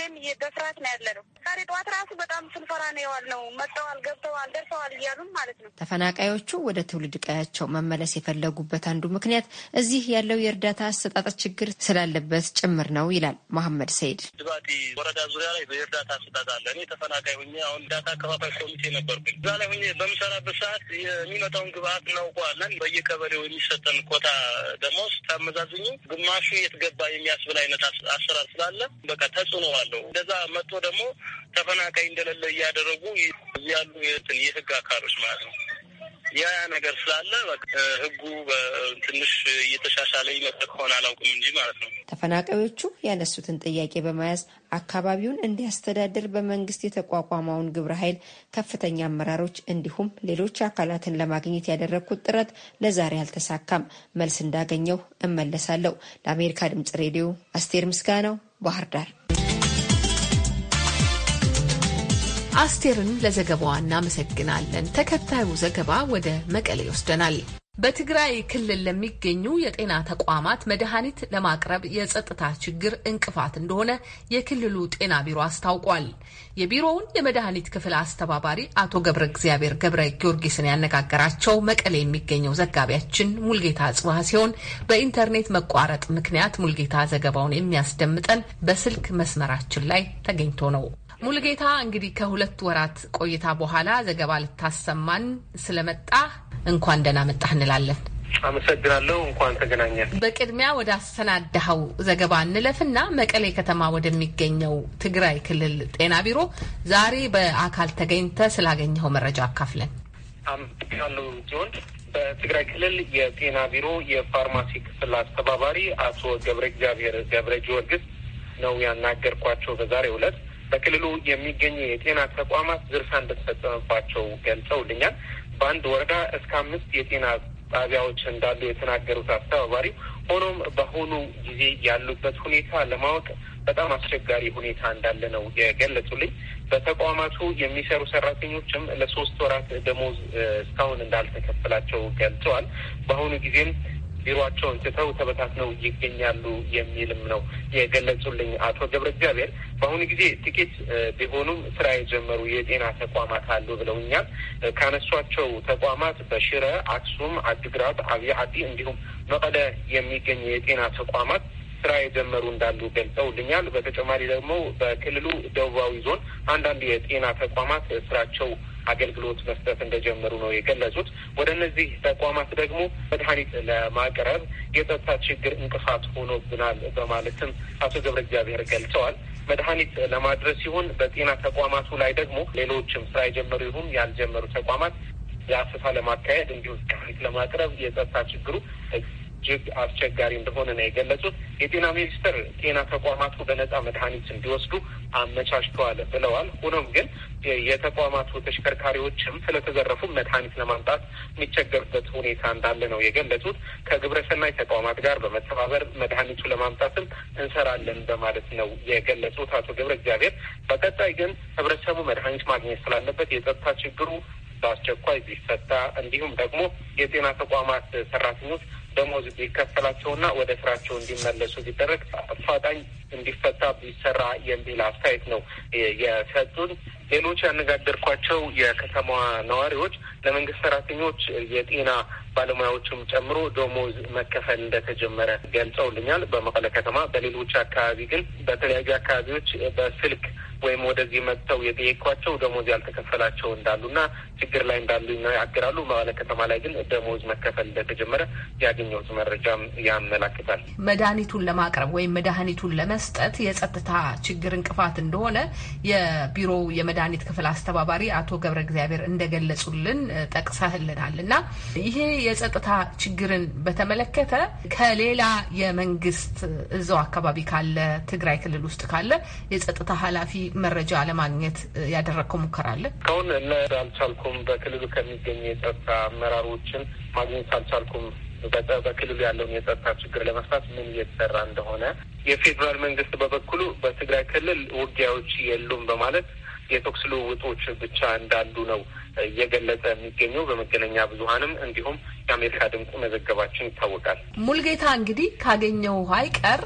ሁሌም በፍርሃት ነው ያለ ነው። ዛሬ ጠዋት ራሱ በጣም ስንፈራ ነው የዋል ነው። መጥተዋል፣ ገብተዋል፣ ደርሰዋል እያሉም ማለት ነው። ተፈናቃዮቹ ወደ ትውልድ ቀያቸው መመለስ የፈለጉበት አንዱ ምክንያት እዚህ ያለው የእርዳታ አሰጣጠት ችግር ስላለበት ጭምር ነው ይላል መሐመድ ሰይድ። ድባቲ ወረዳ ዙሪያ ላይ የእርዳታ አሰጣጥ አለ። እኔ ተፈናቃይ ሁኜ አሁን እርዳታ አከፋፋይ ኮሚቴ ነበርኩኝ። እዛ ላይ ሁኜ በምሰራበት ሰዓት የሚመጣውን ግብአት እናውቀዋለን። በየቀበሌው የሚሰጠን ኮታ ደሞዝ ታመዛዝኙ ግማሹ የትገባ የሚያስብል አይነት አሰራር ስላለ በቃ ተጽዕኖዋል ያለው። እንደዛ መጥቶ ደግሞ ተፈናቃይ እንደሌለ እያደረጉ ያሉ እንትን የህግ አካሎች ማለት ነው። ያ ያ ነገር ስላለ ህጉ ትንሽ እየተሻሻለ ይመጣ ከሆነ አላውቅም እንጂ ማለት ነው። ተፈናቃዮቹ ያነሱትን ጥያቄ በመያዝ አካባቢውን እንዲያስተዳድር በመንግስት የተቋቋመውን ግብረ ኃይል ከፍተኛ አመራሮች እንዲሁም ሌሎች አካላትን ለማግኘት ያደረግኩት ጥረት ለዛሬ አልተሳካም። መልስ እንዳገኘው እመለሳለሁ። ለአሜሪካ ድምጽ ሬዲዮ አስቴር ምስጋናው ባህር ዳር። አስቴርን ለዘገባዋ እናመሰግናለን። ተከታዩ ዘገባ ወደ መቀሌ ይወስደናል። በትግራይ ክልል ለሚገኙ የጤና ተቋማት መድኃኒት ለማቅረብ የጸጥታ ችግር እንቅፋት እንደሆነ የክልሉ ጤና ቢሮ አስታውቋል። የቢሮውን የመድኃኒት ክፍል አስተባባሪ አቶ ገብረ እግዚአብሔር ገብረ ጊዮርጊስን ያነጋገራቸው መቀሌ የሚገኘው ዘጋቢያችን ሙልጌታ ጽዋ ሲሆን በኢንተርኔት መቋረጥ ምክንያት ሙልጌታ ዘገባውን የሚያስደምጠን በስልክ መስመራችን ላይ ተገኝቶ ነው። ሙልጌታ እንግዲህ ከሁለት ወራት ቆይታ በኋላ ዘገባ ልታሰማን ስለመጣ እንኳን ደህና መጣህ እንላለን። አመሰግናለሁ። እንኳን ተገናኘን። በቅድሚያ ወደ አሰናዳኸው ዘገባ እንለፍና መቀሌ ከተማ ወደሚገኘው ትግራይ ክልል ጤና ቢሮ ዛሬ በአካል ተገኝተ ስላገኘኸው መረጃ አካፍለን። አመሰግናለሁ ጆን። በትግራይ ክልል የጤና ቢሮ የፋርማሲ ክፍል አስተባባሪ አቶ ገብረ እግዚአብሔር ገብረ ጊዮርጊስ ነው ያናገርኳቸው በዛሬው ዕለት በክልሉ የሚገኙ የጤና ተቋማት ዝርፊያ እንደተፈጸመባቸው ገልጸውልኛል። በአንድ ወረዳ እስከ አምስት የጤና ጣቢያዎች እንዳሉ የተናገሩት አስተባባሪው፣ ሆኖም በአሁኑ ጊዜ ያሉበት ሁኔታ ለማወቅ በጣም አስቸጋሪ ሁኔታ እንዳለ ነው የገለጹልኝ። በተቋማቱ የሚሰሩ ሰራተኞችም ለሶስት ወራት ደሞዝ እስካሁን እንዳልተከፈላቸው ገልጸዋል። በአሁኑ ጊዜም ቢሮቸውን ትተው ተበታትነው ይገኛሉ የሚልም ነው የገለጹልኝ አቶ ገብረ እግዚአብሔር። በአሁኑ ጊዜ ጥቂት ቢሆኑም ስራ የጀመሩ የጤና ተቋማት አሉ ብለውኛል። ካነሷቸው ተቋማት በሽረ፣ አክሱም፣ አድግራት፣ አብይ አዲ እንዲሁም መቀለ የሚገኙ የጤና ተቋማት ስራ የጀመሩ እንዳሉ ገልጸውልኛል። በተጨማሪ ደግሞ በክልሉ ደቡባዊ ዞን አንዳንድ የጤና ተቋማት ስራቸው አገልግሎት መስጠት እንደጀመሩ ነው የገለጹት። ወደ እነዚህ ተቋማት ደግሞ መድኃኒት ለማቅረብ የጸጥታ ችግር እንቅፋት ሆኖብናል በማለትም አቶ ገብረ እግዚአብሔር ገልጸዋል። መድኃኒት ለማድረስ ሲሆን በጤና ተቋማቱ ላይ ደግሞ ሌሎችም ስራ የጀመሩ ይሁን ያልጀመሩ ተቋማት የአሰሳ ለማካሄድ እንዲሁም ለማቅረብ የጸጥታ ችግሩ እጅግ አስቸጋሪ እንደሆነ ነው የገለጹት። የጤና ሚኒስቴር ጤና ተቋማቱ በነጻ መድኃኒት እንዲወስዱ አመቻችተዋል ብለዋል። ሆኖም ግን የተቋማቱ ተሽከርካሪዎችም ስለተዘረፉ መድኃኒት ለማምጣት የሚቸገሩበት ሁኔታ እንዳለ ነው የገለጹት። ከግብረሰናይ ተቋማት ጋር በመተባበር መድኃኒቱ ለማምጣትም እንሰራለን በማለት ነው የገለጹት አቶ ገብረ እግዚአብሔር። በቀጣይ ግን ህብረተሰቡ መድኃኒት ማግኘት ስላለበት የጸጥታ ችግሩ በአስቸኳይ ቢፈታ እንዲሁም ደግሞ የጤና ተቋማት ሰራተኞች ደሞዝ ቢከፈላቸውና ወደ ስራቸው እንዲመለሱ ቢደረግ አፋጣኝ እንዲፈታ ቢሰራ የሚል አስተያየት ነው የሰጡን። ሌሎች ያነጋገርኳቸው የከተማ ነዋሪዎች ለመንግስት ሰራተኞች የጤና ባለሙያዎችም ጨምሮ ደሞዝ መከፈል እንደተጀመረ ገልጸውልኛል። በመቀለ ከተማ፣ በሌሎች አካባቢ ግን በተለያዩ አካባቢዎች በስልክ ወይም ወደዚህ መጥተው የጠየኳቸው ደሞዝ ያልተከፈላቸው እንዳሉና ችግር ላይ እንዳሉ ይናገራሉ። መቀለ ከተማ ላይ ግን ደሞዝ መከፈል እንደተጀመረ ያገኘሁት መረጃም ያመላክታል። መድኃኒቱን ለማቅረብ ወይም መድኃኒቱን ለመስጠት የጸጥታ ችግር እንቅፋት እንደሆነ የቢሮው የመድኃኒት ክፍል አስተባባሪ አቶ ገብረ እግዚአብሔር እንደገለጹልን ጠቅሰህልናል እና ይሄ የጸጥታ ችግርን በተመለከተ ከሌላ የመንግስት እዛው አካባቢ ካለ ትግራይ ክልል ውስጥ ካለ የጸጥታ ኃላፊ መረጃ ለማግኘት ያደረግከው ሙከራ አለ? እስካሁን አልቻልኩም። በክልሉ ከሚገኙ የጸጥታ አመራሮችን ማግኘት አልቻልኩም። በክልሉ ያለውን የጸጥታ ችግር ለመፍታት ምን እየተሰራ እንደሆነ የፌዴራል መንግስት በበኩሉ በትግራይ ክልል ውጊያዎች የሉም በማለት የተኩስ ልውውጦች ብቻ እንዳሉ ነው እየገለጸ የሚገኘው በመገናኛ ብዙኃንም እንዲሁም የአሜሪካ ድምፁ መዘገባችን ይታወቃል። ሙልጌታ እንግዲህ ካገኘው አይቀር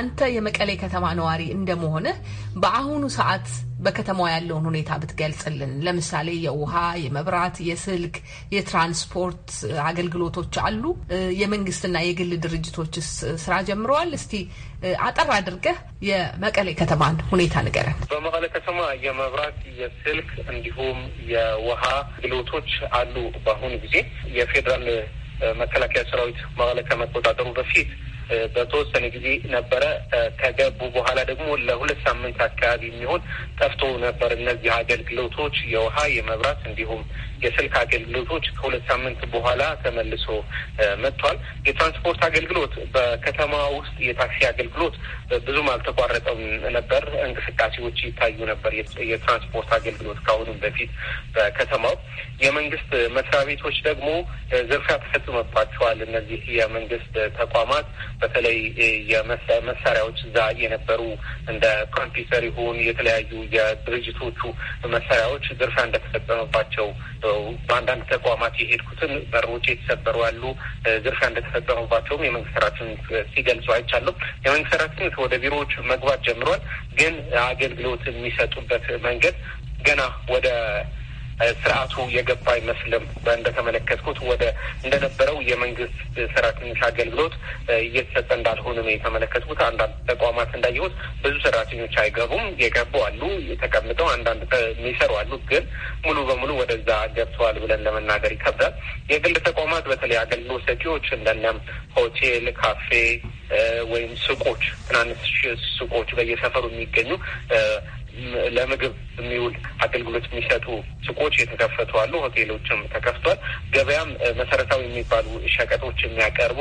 አንተ የመቀሌ ከተማ ነዋሪ እንደመሆንህ በአሁኑ ሰዓት በከተማዋ ያለውን ሁኔታ ብትገልጽልን፣ ለምሳሌ የውሃ፣ የመብራት፣ የስልክ፣ የትራንስፖርት አገልግሎቶች አሉ? የመንግስትና የግል ድርጅቶችስ ስራ ጀምረዋል? እስቲ አጠር አድርገህ የመቀሌ ከተማን ሁኔታ ንገረን። በመቀሌ ከተማ የመብራት፣ የስልክ እንዲሁም የውሃ የውሃ ግሎቶች አሉ። በአሁኑ ጊዜ የፌዴራል መከላከያ ሰራዊት መቀለ ከመቆጣጠሩ በፊት በተወሰነ ጊዜ ነበረ። ከገቡ በኋላ ደግሞ ለሁለት ሳምንት አካባቢ የሚሆን ጠፍቶ ነበር። እነዚህ አገልግሎቶች የውሃ፣ የመብራት እንዲሁም የስልክ አገልግሎቶች ከሁለት ሳምንት በኋላ ተመልሶ መጥቷል። የትራንስፖርት አገልግሎት በከተማ ውስጥ የታክሲ አገልግሎት ብዙም አልተቋረጠም ነበር። እንቅስቃሴዎች ይታዩ ነበር። የትራንስፖርት አገልግሎት ከአሁኑም በፊት በከተማው የመንግስት መስሪያ ቤቶች ደግሞ ዝርፊያ ተፈጽሞባቸዋል። እነዚህ የመንግስት ተቋማት በተለይ የመሳሪያዎች እዛ የነበሩ እንደ ኮምፒውተር ይሁን የተለያዩ የድርጅቶቹ መሳሪያዎች ዝርፊያ እንደተፈጸመባቸው በአንዳንድ ተቋማት የሄድኩትን በሮች የተሰበሩ ያሉ ዝርፊያ እንደተፈጸሙባቸውም የመንግስት ሰራችን ሲገልጹ አይቻለሁ። የመንግስት ወደ ቢሮዎች መግባት ጀምሯል። ግን አገልግሎት የሚሰጡበት መንገድ ገና ወደ ስርዓቱ የገባ አይመስልም። እንደተመለከትኩት ወደ እንደነበረው የመንግስት ሰራተኞች አገልግሎት እየተሰጠ እንዳልሆነ ነው የተመለከትኩት። አንዳንድ ተቋማት እንዳየሁት ብዙ ሰራተኞች አይገቡም። የገቡ አሉ ተቀምጠው፣ አንዳንድ የሚሰሩ አሉ። ግን ሙሉ በሙሉ ወደዛ ገብተዋል ብለን ለመናገር ይከብዳል። የግል ተቋማት በተለይ አገልግሎት ሰጪዎች እንደነም ሆቴል፣ ካፌ ወይም ሱቆች፣ ትናንሽ ሱቆች በየሰፈሩ የሚገኙ ለምግብ የሚውል አገልግሎት የሚሰጡ ሱቆች የተከፈቱ አሉ። ሆቴሎችም ተከፍቷል። ገበያም መሰረታዊ የሚባሉ ሸቀጦች የሚያቀርቡ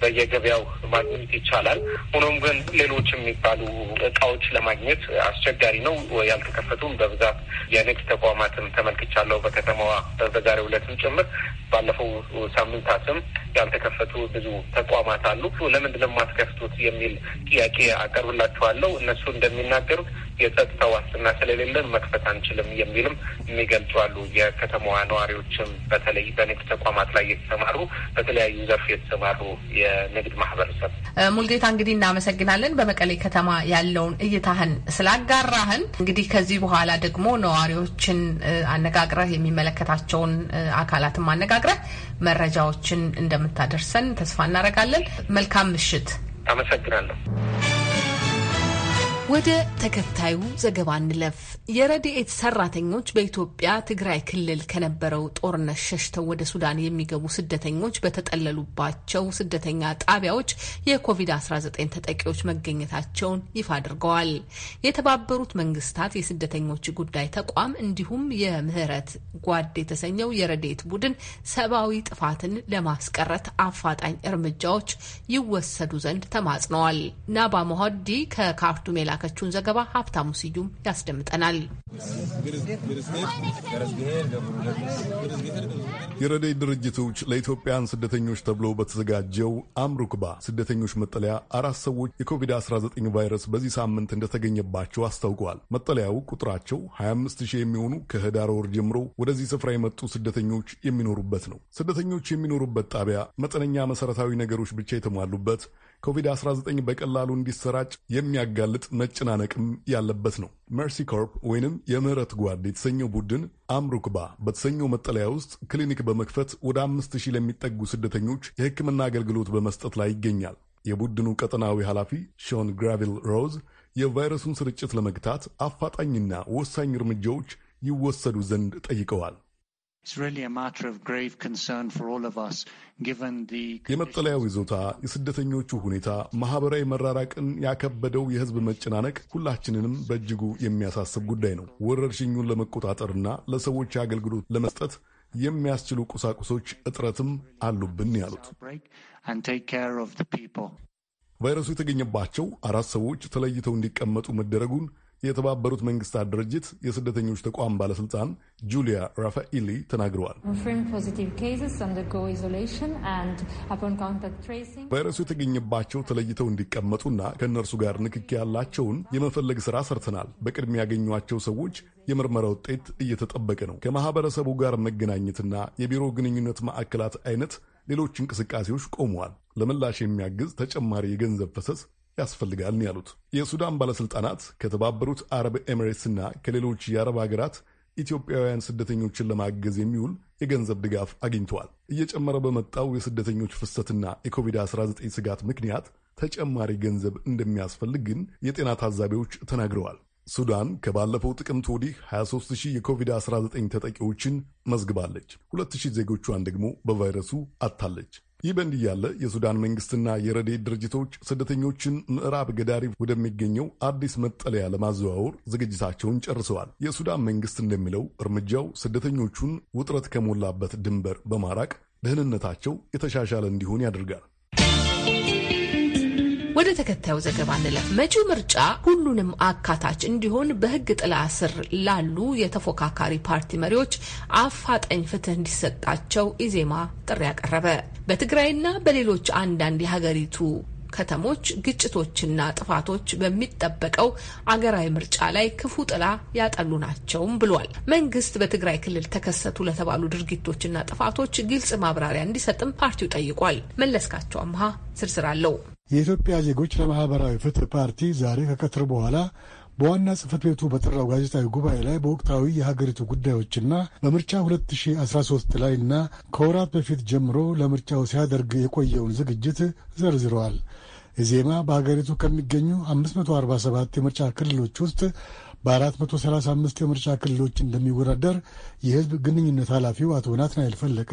በየገበያው ማግኘት ይቻላል። ሆኖም ግን ሌሎች የሚባሉ እቃዎች ለማግኘት አስቸጋሪ ነው። ያልተከፈቱም በብዛት የንግድ ተቋማትም ተመልክቻለሁ። በከተማዋ በዛሬው ዕለትም ጭምር ባለፈው ሳምንታትም ያልተከፈቱ ብዙ ተቋማት አሉ። ለምንድን ነው የማትከፍቱት የሚል ጥያቄ አቀርብላችኋለሁ። እነሱ እንደሚናገሩት የጸጥታ ዋስትና ስለሌለን መክፈት አንችልም የሚልም የሚገልጹ አሉ። የከተማዋ ነዋሪዎችም በተለይ በንግድ ተቋማት ላይ የተሰማሩ በተለያዩ ዘርፍ የተሰማሩ የንግድ ማህበረሰብ። ሙልጌታ እንግዲህ እናመሰግናለን በመቀሌ ከተማ ያለውን እይታህን ስላጋራህን። እንግዲህ ከዚህ በኋላ ደግሞ ነዋሪዎችን አነጋግረህ የሚመለከታቸውን አካላትም አነጋግረህ መረጃዎችን እንደምታደርሰን ተስፋ እናደርጋለን። መልካም ምሽት። አመሰግናለሁ። ወደ ተከታዩ ዘገባ እንለፍ። የረድኤት ሰራተኞች በኢትዮጵያ ትግራይ ክልል ከነበረው ጦርነት ሸሽተው ወደ ሱዳን የሚገቡ ስደተኞች በተጠለሉባቸው ስደተኛ ጣቢያዎች የኮቪድ-19 ተጠቂዎች መገኘታቸውን ይፋ አድርገዋል። የተባበሩት መንግስታት የስደተኞች ጉዳይ ተቋም እንዲሁም የምህረት ጓድ የተሰኘው የረድኤት ቡድን ሰብአዊ ጥፋትን ለማስቀረት አፋጣኝ እርምጃዎች ይወሰዱ ዘንድ ተማጽነዋል። ናባ መሆዲ ከካርቱም የላ የላከችውን ዘገባ ሀብታሙ ስዩም ያስደምጠናል። የረዴ ድርጅቶች ለኢትዮጵያን ስደተኞች ተብሎ በተዘጋጀው አምሩክባ ስደተኞች መጠለያ አራት ሰዎች የኮቪድ-19 ቫይረስ በዚህ ሳምንት እንደተገኘባቸው አስታውቀዋል። መጠለያው ቁጥራቸው 25 ሺህ የሚሆኑ ከህዳር ወር ጀምሮ ወደዚህ ስፍራ የመጡ ስደተኞች የሚኖሩበት ነው። ስደተኞች የሚኖሩበት ጣቢያ መጠነኛ መሠረታዊ ነገሮች ብቻ የተሟሉበት ኮቪድ-19 በቀላሉ እንዲሰራጭ የሚያጋልጥ መጨናነቅም ያለበት ነው። መርሲ ኮርፕ ወይንም የምህረት ጓድ የተሰኘው ቡድን አምሩክባ በተሰኘው መጠለያ ውስጥ ክሊኒክ በመክፈት ወደ አምስት ሺህ ለሚጠጉ ስደተኞች የሕክምና አገልግሎት በመስጠት ላይ ይገኛል። የቡድኑ ቀጠናዊ ኃላፊ ሾን ግራቪል ሮዝ የቫይረሱን ስርጭት ለመግታት አፋጣኝና ወሳኝ እርምጃዎች ይወሰዱ ዘንድ ጠይቀዋል። የመጠለያው ይዞታ፣ የስደተኞቹ ሁኔታ፣ ማህበራዊ መራራቅን ያከበደው የህዝብ መጨናነቅ ሁላችንንም በእጅጉ የሚያሳስብ ጉዳይ ነው። ወረርሽኙን ለመቆጣጠርና ለሰዎች አገልግሎት ለመስጠት የሚያስችሉ ቁሳቁሶች እጥረትም አሉብን ያሉት ቫይረሱ የተገኘባቸው አራት ሰዎች ተለይተው እንዲቀመጡ መደረጉን የተባበሩት መንግስታት ድርጅት የስደተኞች ተቋም ባለስልጣን ጁሊያ ራፋኤሊ ተናግረዋል። ቫይረሱ የተገኘባቸው ተለይተው እንዲቀመጡና ከእነርሱ ጋር ንክኪ ያላቸውን የመፈለግ ስራ ሰርተናል። በቅድሚ ያገኟቸው ሰዎች የምርመራ ውጤት እየተጠበቀ ነው። ከማህበረሰቡ ጋር መገናኘትና የቢሮ ግንኙነት ማዕከላት አይነት ሌሎች እንቅስቃሴዎች ቆመዋል። ለምላሽ የሚያግዝ ተጨማሪ የገንዘብ ፈሰስ ያስፈልጋል ያሉት። የሱዳን ባለሥልጣናት ከተባበሩት አረብ ኤሚሬትስና ከሌሎች የአረብ ሀገራት ኢትዮጵያውያን ስደተኞችን ለማገዝ የሚውል የገንዘብ ድጋፍ አግኝተዋል። እየጨመረ በመጣው የስደተኞች ፍሰትና የኮቪድ-19 ስጋት ምክንያት ተጨማሪ ገንዘብ እንደሚያስፈልግ ግን የጤና ታዛቢዎች ተናግረዋል። ሱዳን ከባለፈው ጥቅምት ወዲህ 23000 የኮቪድ-19 ተጠቂዎችን መዝግባለች። 2000 ዜጎቿን ደግሞ በቫይረሱ አጥታለች። ይህ በእንዲህ ያለ የሱዳን መንግስትና የረድኤት ድርጅቶች ስደተኞችን ምዕራብ ገዳሪፍ ወደሚገኘው አዲስ መጠለያ ለማዘዋወር ዝግጅታቸውን ጨርሰዋል። የሱዳን መንግስት እንደሚለው እርምጃው ስደተኞቹን ውጥረት ከሞላበት ድንበር በማራቅ ደህንነታቸው የተሻሻለ እንዲሆን ያደርጋል። ወደ ተከታዩ ዘገባ እንለፍ። መጪው ምርጫ ሁሉንም አካታች እንዲሆን በህግ ጥላ ስር ላሉ የተፎካካሪ ፓርቲ መሪዎች አፋጣኝ ፍትህ እንዲሰጣቸው ኢዜማ ጥሪ ያቀረበ በትግራይና በሌሎች አንዳንድ የሀገሪቱ ከተሞች ግጭቶችና ጥፋቶች በሚጠበቀው አገራዊ ምርጫ ላይ ክፉ ጥላ ያጠሉ ናቸውም ብሏል። መንግስት በትግራይ ክልል ተከሰቱ ለተባሉ ድርጊቶችና ጥፋቶች ግልጽ ማብራሪያ እንዲሰጥም ፓርቲው ጠይቋል። መለስካቸው አምሃ ዝርዝር አለው። የኢትዮጵያ ዜጎች ለማህበራዊ ፍትህ ፓርቲ ዛሬ ከቀትር በኋላ በዋና ጽህፈት ቤቱ በጠራው ጋዜጣዊ ጉባኤ ላይ በወቅታዊ የሀገሪቱ ጉዳዮችና በምርጫ 2013 ላይና ከወራት በፊት ጀምሮ ለምርጫው ሲያደርግ የቆየውን ዝግጅት ዘርዝረዋል። ኢዜማ በሀገሪቱ ከሚገኙ 547 የምርጫ ክልሎች ውስጥ በ435 የምርጫ ክልሎች እንደሚወዳደር የህዝብ ግንኙነት ኃላፊው አቶ ናትናኤል ፈለቀ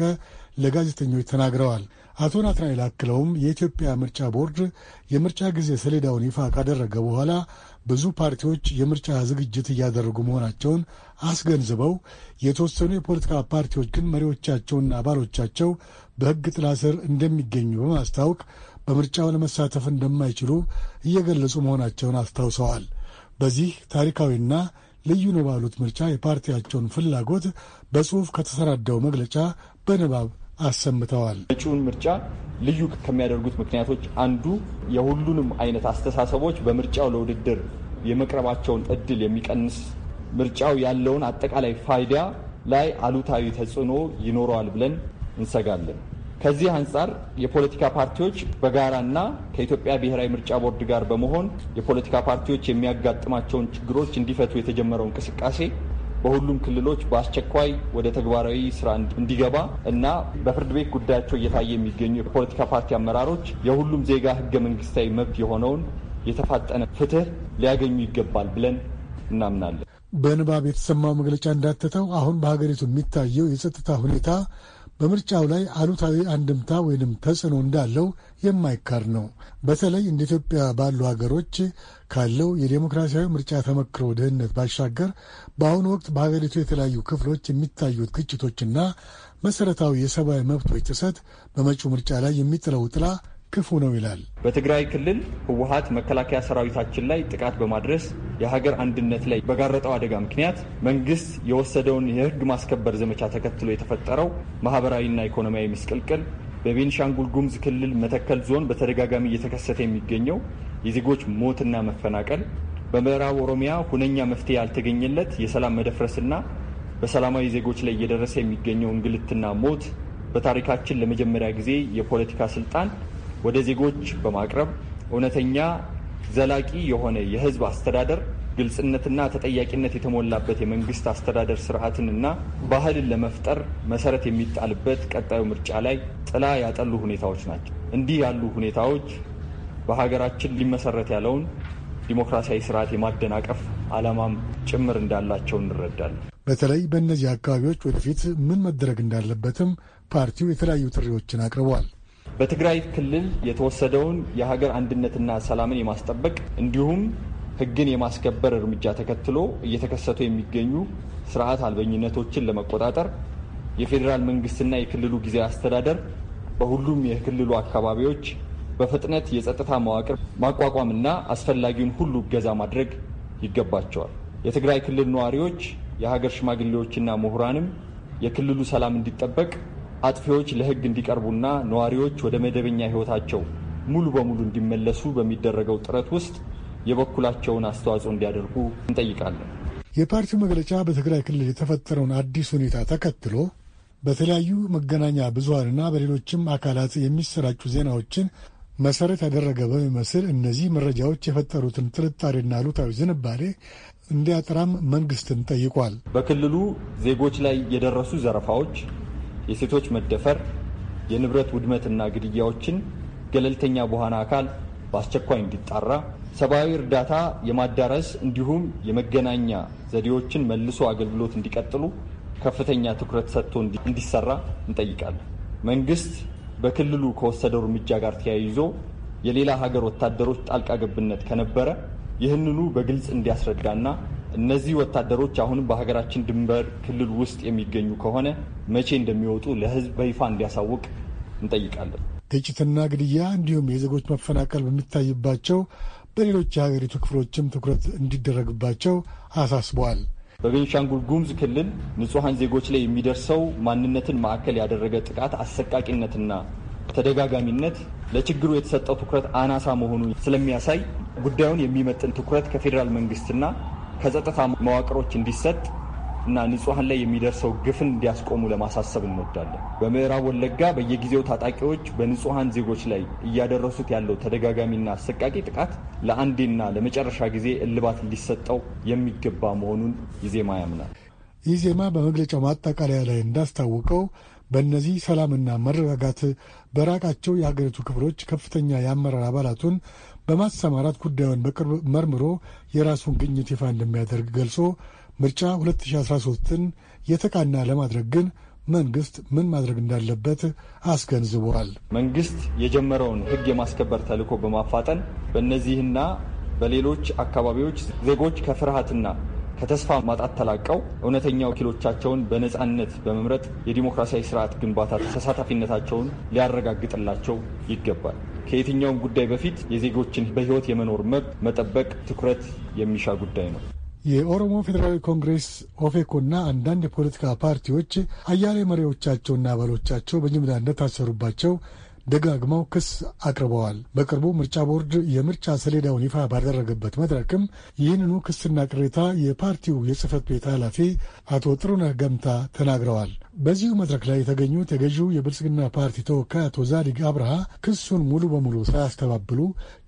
ለጋዜጠኞች ተናግረዋል። አቶ ናትናኤል አክለውም የኢትዮጵያ ምርጫ ቦርድ የምርጫ ጊዜ ሰሌዳውን ይፋ ካደረገ በኋላ ብዙ ፓርቲዎች የምርጫ ዝግጅት እያደረጉ መሆናቸውን አስገንዝበው የተወሰኑ የፖለቲካ ፓርቲዎች ግን መሪዎቻቸውና አባሎቻቸው በሕግ ጥላ ስር እንደሚገኙ በማስታወቅ በምርጫው ለመሳተፍ እንደማይችሉ እየገለጹ መሆናቸውን አስታውሰዋል። በዚህ ታሪካዊና ልዩ ነው ባሉት ምርጫ የፓርቲያቸውን ፍላጎት በጽሑፍ ከተሰራደው መግለጫ በንባብ አሰምተዋል። እጩውን ምርጫ ልዩ ከሚያደርጉት ምክንያቶች አንዱ የሁሉንም አይነት አስተሳሰቦች በምርጫው ለውድድር የመቅረባቸውን እድል የሚቀንስ ምርጫው ያለውን አጠቃላይ ፋይዳ ላይ አሉታዊ ተጽዕኖ ይኖረዋል ብለን እንሰጋለን። ከዚህ አንጻር የፖለቲካ ፓርቲዎች በጋራና ከኢትዮጵያ ብሔራዊ ምርጫ ቦርድ ጋር በመሆን የፖለቲካ ፓርቲዎች የሚያጋጥማቸውን ችግሮች እንዲፈቱ የተጀመረው እንቅስቃሴ በሁሉም ክልሎች በአስቸኳይ ወደ ተግባራዊ ስራ እንዲገባ እና በፍርድ ቤት ጉዳያቸው እየታየ የሚገኙ የፖለቲካ ፓርቲ አመራሮች የሁሉም ዜጋ ህገ መንግስታዊ መብት የሆነውን የተፋጠነ ፍትህ ሊያገኙ ይገባል ብለን እናምናለን። በንባብ የተሰማው መግለጫ እንዳተተው አሁን በሀገሪቱ የሚታየው የጸጥታ ሁኔታ በምርጫው ላይ አሉታዊ አንድምታ ወይንም ተጽዕኖ እንዳለው የማይካር ነው። በተለይ እንደ ኢትዮጵያ ባሉ ሀገሮች ካለው የዴሞክራሲያዊ ምርጫ ተመክሮ ድህነት ባሻገር በአሁኑ ወቅት በሀገሪቱ የተለያዩ ክፍሎች የሚታዩት ግጭቶችና መሰረታዊ የሰብአዊ መብቶች ጥሰት በመጪው ምርጫ ላይ የሚጥለው ጥላ ክፉ ነው ይላል። በትግራይ ክልል ህወሀት መከላከያ ሰራዊታችን ላይ ጥቃት በማድረስ የሀገር አንድነት ላይ በጋረጠው አደጋ ምክንያት መንግስት የወሰደውን የህግ ማስከበር ዘመቻ ተከትሎ የተፈጠረው ማህበራዊና ኢኮኖሚያዊ ምስቅልቅል በቤንሻንጉል ጉሙዝ ክልል መተከል ዞን በተደጋጋሚ እየተከሰተ የሚገኘው የዜጎች ሞትና መፈናቀል፣ በምዕራብ ኦሮሚያ ሁነኛ መፍትሄ ያልተገኘለት የሰላም መደፍረስና በሰላማዊ ዜጎች ላይ እየደረሰ የሚገኘው እንግልትና ሞት በታሪካችን ለመጀመሪያ ጊዜ የፖለቲካ ስልጣን ወደ ዜጎች በማቅረብ እውነተኛ ዘላቂ የሆነ የህዝብ አስተዳደር ግልጽነትና ተጠያቂነት የተሞላበት የመንግስት አስተዳደር ስርዓትንና ባህልን ለመፍጠር መሰረት የሚጣልበት ቀጣዩ ምርጫ ላይ ጥላ ያጠሉ ሁኔታዎች ናቸው። እንዲህ ያሉ ሁኔታዎች በሀገራችን ሊመሰረት ያለውን ዲሞክራሲያዊ ስርዓት የማደናቀፍ ዓላማም ጭምር እንዳላቸው እንረዳለን። በተለይ በእነዚህ አካባቢዎች ወደፊት ምን መደረግ እንዳለበትም ፓርቲው የተለያዩ ጥሪዎችን አቅርቧል። በትግራይ ክልል የተወሰደውን የሀገር አንድነትና ሰላምን የማስጠበቅ እንዲሁም ሕግን የማስከበር እርምጃ ተከትሎ እየተከሰቱ የሚገኙ ስርዓት አልበኝነቶችን ለመቆጣጠር የፌዴራል መንግስትና የክልሉ ጊዜያዊ አስተዳደር በሁሉም የክልሉ አካባቢዎች በፍጥነት የጸጥታ መዋቅር ማቋቋምና አስፈላጊውን ሁሉ እገዛ ማድረግ ይገባቸዋል። የትግራይ ክልል ነዋሪዎች፣ የሀገር ሽማግሌዎችና ምሁራንም የክልሉ ሰላም እንዲጠበቅ አጥፊዎች ለሕግ እንዲቀርቡና ነዋሪዎች ወደ መደበኛ ሕይወታቸው ሙሉ በሙሉ እንዲመለሱ በሚደረገው ጥረት ውስጥ የበኩላቸውን አስተዋጽኦ እንዲያደርጉ እንጠይቃለን። የፓርቲው መግለጫ በትግራይ ክልል የተፈጠረውን አዲስ ሁኔታ ተከትሎ በተለያዩ መገናኛ ብዙኃንና በሌሎችም አካላት የሚሰራጩ ዜናዎችን መሰረት ያደረገ በሚመስል እነዚህ መረጃዎች የፈጠሩትን ጥርጣሬና አሉታዊ ዝንባሌ እንዲያጠራም መንግስትን ጠይቋል። በክልሉ ዜጎች ላይ የደረሱ ዘረፋዎች፣ የሴቶች መደፈር፣ የንብረት ውድመትና ግድያዎችን ገለልተኛ በሆነ አካል በአስቸኳይ እንዲጣራ ሰብአዊ እርዳታ የማዳረስ እንዲሁም የመገናኛ ዘዴዎችን መልሶ አገልግሎት እንዲቀጥሉ ከፍተኛ ትኩረት ሰጥቶ እንዲሰራ እንጠይቃለን። መንግስት በክልሉ ከወሰደው እርምጃ ጋር ተያይዞ የሌላ ሀገር ወታደሮች ጣልቃ ገብነት ከነበረ ይህንኑ በግልጽ እንዲያስረዳና እነዚህ ወታደሮች አሁንም በሀገራችን ድንበር ክልል ውስጥ የሚገኙ ከሆነ መቼ እንደሚወጡ ለህዝብ በይፋ እንዲያሳውቅ እንጠይቃለን። ግጭትና ግድያ እንዲሁም የዜጎች መፈናቀል በሚታይባቸው በሌሎች የሀገሪቱ ክፍሎችም ትኩረት እንዲደረግባቸው አሳስበዋል። በቤንሻንጉል ጉሙዝ ክልል ንጹሐን ዜጎች ላይ የሚደርሰው ማንነትን ማዕከል ያደረገ ጥቃት አሰቃቂነትና ተደጋጋሚነት ለችግሩ የተሰጠው ትኩረት አናሳ መሆኑን ስለሚያሳይ ጉዳዩን የሚመጥን ትኩረት ከፌዴራል መንግስትና ከጸጥታ መዋቅሮች እንዲሰጥ እና ንጹሐን ላይ የሚደርሰው ግፍን እንዲያስቆሙ ለማሳሰብ እንወዳለን። በምዕራብ ወለጋ በየጊዜው ታጣቂዎች በንጹሐን ዜጎች ላይ እያደረሱት ያለው ተደጋጋሚና አሰቃቂ ጥቃት ለአንዴና ለመጨረሻ ጊዜ እልባት ሊሰጠው የሚገባ መሆኑን ኢዜማ ያምናል። ኢዜማ በመግለጫው ማጠቃለያ ላይ እንዳስታወቀው በእነዚህ ሰላምና መረጋጋት በራቃቸው የሀገሪቱ ክፍሎች ከፍተኛ የአመራር አባላቱን በማሰማራት ጉዳዩን በቅርብ መርምሮ የራሱን ግኝት ይፋ እንደሚያደርግ ገልጾ ምርጫ 2013ን የተቃና ለማድረግ ግን መንግስት ምን ማድረግ እንዳለበት አስገንዝቧል። መንግስት የጀመረውን ህግ የማስከበር ተልዕኮ በማፋጠን በእነዚህና በሌሎች አካባቢዎች ዜጎች ከፍርሃትና ከተስፋ ማጣት ተላቀው እውነተኛ ወኪሎቻቸውን በነፃነት በመምረጥ የዲሞክራሲያዊ ስርዓት ግንባታ ተሳታፊነታቸውን ሊያረጋግጥላቸው ይገባል። ከየትኛውም ጉዳይ በፊት የዜጎችን በሕይወት የመኖር መብት መጠበቅ ትኩረት የሚሻ ጉዳይ ነው። የኦሮሞ ፌዴራላዊ ኮንግሬስ ኦፌኮና አንዳንድ የፖለቲካ ፓርቲዎች አያሌ መሪዎቻቸውና አባሎቻቸው በጅምላ እንደታሰሩባቸው ደጋግመው ክስ አቅርበዋል። በቅርቡ ምርጫ ቦርድ የምርጫ ሰሌዳውን ይፋ ባደረገበት መድረክም ይህንኑ ክስና ቅሬታ የፓርቲው የጽህፈት ቤት ኃላፊ አቶ ጥሩነህ ገምታ ተናግረዋል። በዚሁ መድረክ ላይ የተገኙት የገዢው የብልጽግና ፓርቲ ተወካይ አቶ ዛዲግ አብርሃ ክሱን ሙሉ በሙሉ ሳያስተባብሉ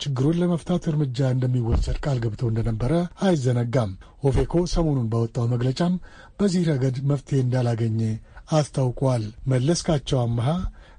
ችግሩን ለመፍታት እርምጃ እንደሚወሰድ ቃል ገብተው እንደነበረ አይዘነጋም። ኦፌኮ ሰሞኑን ባወጣው መግለጫም በዚህ ረገድ መፍትሄ እንዳላገኘ አስታውቋል። መለስካቸው አመሃ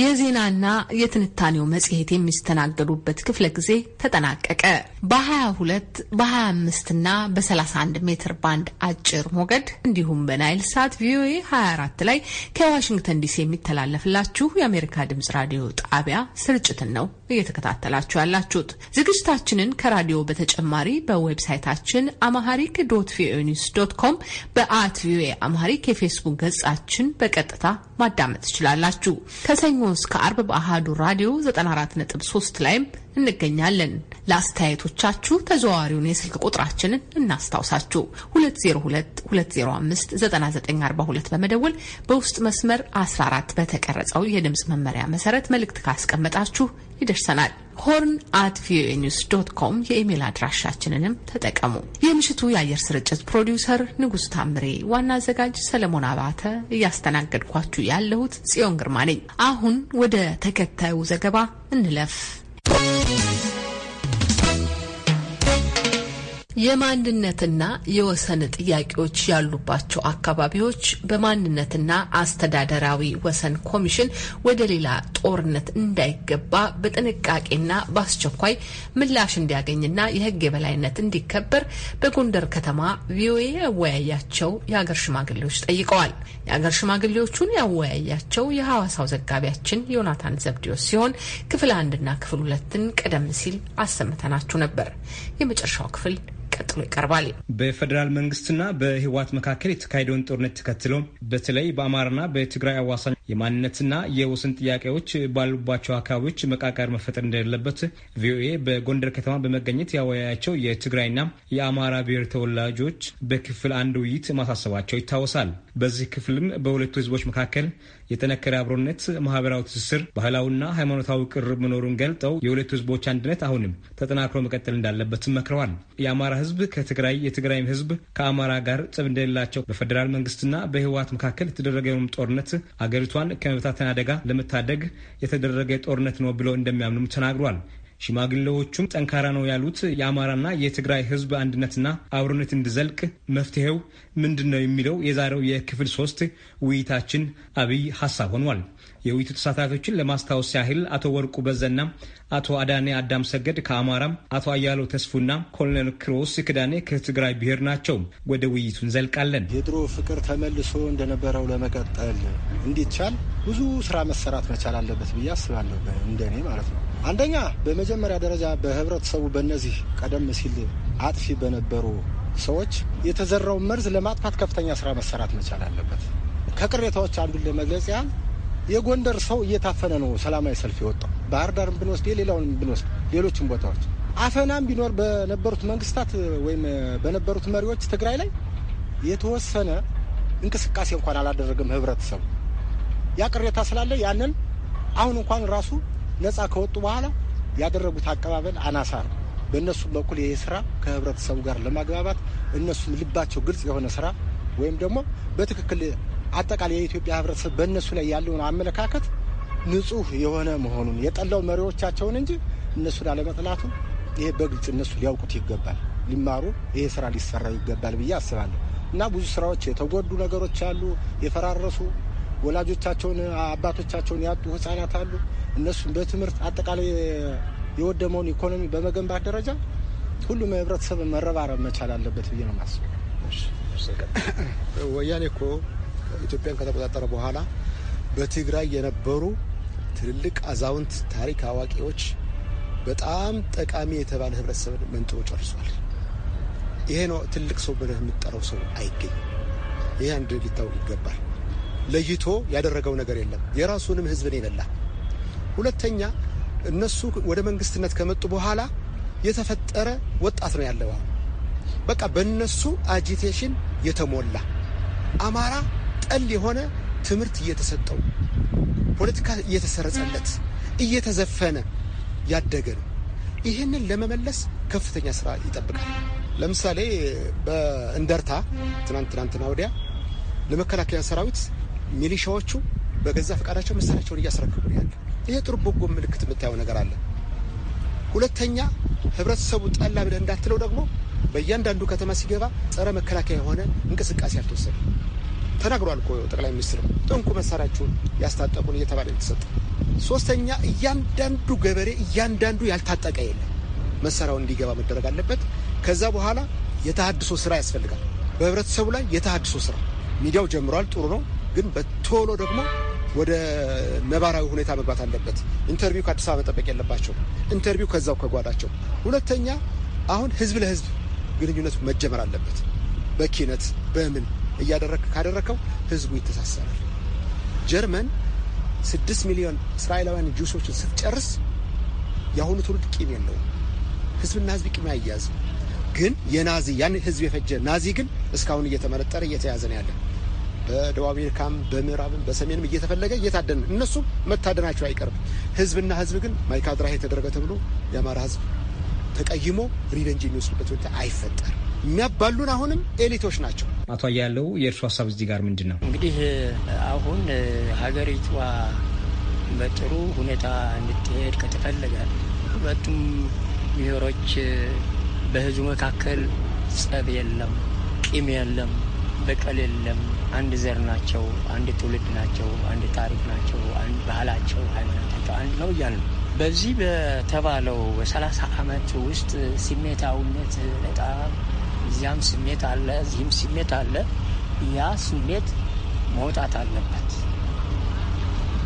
የዜናና የትንታኔው መጽሔት የሚስተናገዱበት ክፍለ ጊዜ ተጠናቀቀ። በ22 በ25 እና በ31 ሜትር ባንድ አጭር ሞገድ እንዲሁም በናይል ሳት ቪኦኤ 24 ላይ ከዋሽንግተን ዲሲ የሚተላለፍላችሁ የአሜሪካ ድምጽ ራዲዮ ጣቢያ ስርጭትን ነው እየተከታተላችሁ ያላችሁት። ዝግጅታችንን ከራዲዮ በተጨማሪ በዌብሳይታችን አማሃሪክ ዶት ቪኦኤ ኒውስ ዶት ኮም በአት ቪኦኤ አማሃሪክ የፌስቡክ ገጻችን በቀጥታ ማዳመጥ ትችላላችሁ። ከሰኞ ከሰኞ እስከ አርብ በአህዱ ራዲዮ 94.3 ላይም እንገኛለን። ለአስተያየቶቻችሁ ተዘዋዋሪውን የስልክ ቁጥራችንን እናስታውሳችሁ 2022059942 በመደወል በውስጥ መስመር 14 በተቀረጸው የድምፅ መመሪያ መሰረት መልእክት ካስቀመጣችሁ ይደርሰናል። ሆርን አት ቪኦኤ ኒውስ ዶት ኮም የኢሜይል አድራሻችንንም ተጠቀሙ። የምሽቱ የአየር ስርጭት ፕሮዲውሰር ንጉሥ ታምሬ፣ ዋና አዘጋጅ ሰለሞን አባተ፣ እያስተናገድኳችሁ ያለሁት ጽዮን ግርማ ነኝ። አሁን ወደ ተከታዩ ዘገባ እንለፍ። የማንነትና የወሰን ጥያቄዎች ያሉባቸው አካባቢዎች በማንነትና አስተዳደራዊ ወሰን ኮሚሽን ወደ ሌላ ጦርነት እንዳይገባ በጥንቃቄና በአስቸኳይ ምላሽ እንዲያገኝና የሕግ የበላይነት እንዲከበር በጎንደር ከተማ ቪኦኤ ያወያያቸው የሀገር ሽማግሌዎች ጠይቀዋል። የሀገር ሽማግሌዎቹን ያወያያቸው የሐዋሳው ዘጋቢያችን ዮናታን ዘብዲዮስ ሲሆን ክፍል አንድና ክፍል ሁለትን ቀደም ሲል አሰምተናችሁ ነበር። የመጨረሻው ክፍል ቀጥሎ ይቀርባል። በፌዴራል መንግስትና በህወሓት መካከል የተካሄደውን ጦርነት ተከትሎ በተለይ በአማራና በትግራይ አዋሳኝ የማንነትና የወሰን ጥያቄዎች ባሉባቸው አካባቢዎች መቃቀር መፈጠር እንደሌለበት ቪኦኤ በጎንደር ከተማ በመገኘት ያወያያቸው የትግራይና የአማራ ብሔር ተወላጆች በክፍል አንድ ውይይት ማሳሰባቸው ይታወሳል። በዚህ ክፍልም በሁለቱ ህዝቦች መካከል የጠነከረ አብሮነት፣ ማህበራዊ ትስስር፣ ባህላዊና ሃይማኖታዊ ቅርብ መኖሩን ገልጠው የሁለቱ ህዝቦች አንድነት አሁንም ተጠናክሮ መቀጠል እንዳለበትም መክረዋል። የአማራ ህዝብ ከትግራይ የትግራይም ህዝብ ከአማራ ጋር ጸብ እንደሌላቸው በፌዴራል መንግስትና በህወሀት መካከል የተደረገውም ጦርነት አገሪቷን ከመብታተን አደጋ ለመታደግ የተደረገ ጦርነት ነው ብለው እንደሚያምኑም ተናግሯል። ሽማግሌዎቹም ጠንካራ ነው ያሉት የአማራና የትግራይ ህዝብ አንድነትና አብሮነት እንዲዘልቅ መፍትሄው ምንድን ነው የሚለው የዛሬው የክፍል ሶስት ውይይታችን አብይ ሀሳብ ሆኗል። የውይይቱ ተሳታፊዎችን ለማስታወስ ያህል አቶ ወርቁ በዘና፣ አቶ አዳኔ አዳም ሰገድ ከአማራም፣ አቶ አያሎ ተስፉና ኮሎኔል ክሮስ ክዳኔ ከትግራይ ብሔር ናቸው። ወደ ውይይቱ እንዘልቃለን። የድሮ ፍቅር ተመልሶ እንደነበረው ለመቀጠል እንዲቻል ብዙ ስራ መሰራት መቻል አለበት ብዬ አስባለሁ። እንደኔ ማለት ነው። አንደኛ በመጀመሪያ ደረጃ በህብረተሰቡ በእነዚህ ቀደም ሲል አጥፊ በነበሩ ሰዎች የተዘራውን መርዝ ለማጥፋት ከፍተኛ ስራ መሰራት መቻል አለበት። ከቅሬታዎች አንዱን ለመግለጽ ያህል የጎንደር ሰው እየታፈነ ነው ሰላማዊ ሰልፍ የወጣው። ባህር ዳርም ብንወስድ የሌላውን ብንወስድ ሌሎችም ቦታዎች አፈናም ቢኖር በነበሩት መንግስታት ወይም በነበሩት መሪዎች ትግራይ ላይ የተወሰነ እንቅስቃሴ እንኳን አላደረገም ህብረተሰቡ። ያ ቅሬታ ስላለ ያንን አሁን እንኳን ራሱ ነጻ ከወጡ በኋላ ያደረጉት አቀባበል አናሳ ነው። በእነሱም በኩል ይህ ስራ ከህብረተሰቡ ጋር ለማግባባት እነሱም ልባቸው ግልጽ የሆነ ስራ ወይም ደግሞ በትክክል አጠቃላይ የኢትዮጵያ ህብረተሰብ በእነሱ ላይ ያለውን አመለካከት ንጹህ የሆነ መሆኑን የጠላው መሪዎቻቸውን እንጂ እነሱን አለመጥላቱ ይሄ በግልጽ እነሱ ሊያውቁት ይገባል፣ ሊማሩ ይሄ ስራ ሊሰራ ይገባል ብዬ አስባለሁ። እና ብዙ ስራዎች የተጎዱ ነገሮች አሉ፣ የፈራረሱ ወላጆቻቸውን አባቶቻቸውን ያጡ ህጻናት አሉ። እነሱም በትምህርት አጠቃላይ የወደመውን ኢኮኖሚ በመገንባት ደረጃ ሁሉም ህብረተሰብ መረባረብ መቻል አለበት ብዬ ነው ማስብ። ወያኔ እኮ ኢትዮጵያን ከተቆጣጠረ በኋላ በትግራይ የነበሩ ትልልቅ አዛውንት፣ ታሪክ አዋቂዎች በጣም ጠቃሚ የተባለ ህብረተሰብ መንጥሮ ጨርሷል። ይሄ ነው ትልቅ ሰው ብለህ የምጠራው ሰው አይገኝም። ይህ አንድ ሊታወቅ ይገባል። ለይቶ ያደረገው ነገር የለም። የራሱንም ህዝብን የበላ ሁለተኛ እነሱ ወደ መንግስትነት ከመጡ በኋላ የተፈጠረ ወጣት ነው ያለው። በቃ በእነሱ አጂቴሽን የተሞላ አማራ ጠል የሆነ ትምህርት እየተሰጠው ፖለቲካ እየተሰረጸለት እየተዘፈነ ያደገ ነው። ይህንን ለመመለስ ከፍተኛ ስራ ይጠብቃል። ለምሳሌ በእንደርታ ትናንት ትናንትና ወዲያ ለመከላከያ ሰራዊት ሚሊሻዎቹ በገዛ ፈቃዳቸው መሳሪያቸውን እያስረክቡ ያለ ይሄ ጥሩ በጎ ምልክት የምታየው ነገር አለ። ሁለተኛ ህብረተሰቡ ጠላ ብለህ እንዳትለው ደግሞ በእያንዳንዱ ከተማ ሲገባ ጸረ መከላከያ የሆነ እንቅስቃሴ አልተወሰደ ተናግሯል እኮ ጠቅላይ ሚኒስትር ጥንቁ መሳሪያችሁን ያስታጠቁን እየተባለ የተሰጠ። ሶስተኛ እያንዳንዱ ገበሬ እያንዳንዱ ያልታጠቀ የለም መሳሪያውን እንዲገባ መደረግ አለበት። ከዛ በኋላ የተሃድሶ ስራ ያስፈልጋል። በህብረተሰቡ ላይ የተሃድሶ ስራ ሚዲያው ጀምሯል፣ ጥሩ ነው። ግን በቶሎ ደግሞ ወደ ነባራዊ ሁኔታ መግባት አለበት። ኢንተርቪው ከአዲስ አበባ መጠበቅ የለባቸው። ኢንተርቪው ከዛው ከጓዳቸው። ሁለተኛ አሁን ህዝብ ለህዝብ ግንኙነቱ መጀመር አለበት። በኪነት በምን እያደረግ ካደረከው ህዝቡ ይተሳሰራል። ጀርመን ስድስት ሚሊዮን እስራኤላውያን ጁሶችን ስትጨርስ የአሁኑ ትውልድ ቂም የለውም። ህዝብና ህዝብ ቂም አያያዝ ግን የናዚ ያን ህዝብ የፈጀ ናዚ ግን እስካሁን እየተመረጠረ እየተያዘ ነው ያለን በደቡብ አሜሪካም በምዕራብም በሰሜንም እየተፈለገ እየታደን እነሱም መታደናቸው አይቀርም። ህዝብና ህዝብ ግን ማይካድራ የተደረገ ተብሎ የአማራ ህዝብ ተቀይሞ ሪቨንጅ የሚወስድበት ሁኔታ አይፈጠርም። የሚያባሉን አሁንም ኤሊቶች ናቸው። አቶ አያለው የእርሱ ሀሳብ እዚህ ጋር ምንድን ነው? እንግዲህ አሁን ሀገሪቷ በጥሩ ሁኔታ እንድትሄድ ከተፈለገ ሁለቱም ብሔሮች በህዝቡ መካከል ጸብ የለም፣ ቂም የለም በቀል የለም። አንድ ዘር ናቸው፣ አንድ ትውልድ ናቸው፣ አንድ ታሪክ ናቸው፣ አንድ ባህላቸው፣ ሃይማኖታቸው አንድ ነው እያል ነው። በዚህ በተባለው በሰላሳ አመት ውስጥ ስሜታዊነት በጣም እዚያም ስሜት አለ፣ እዚህም ስሜት አለ። ያ ስሜት መውጣት አለበት።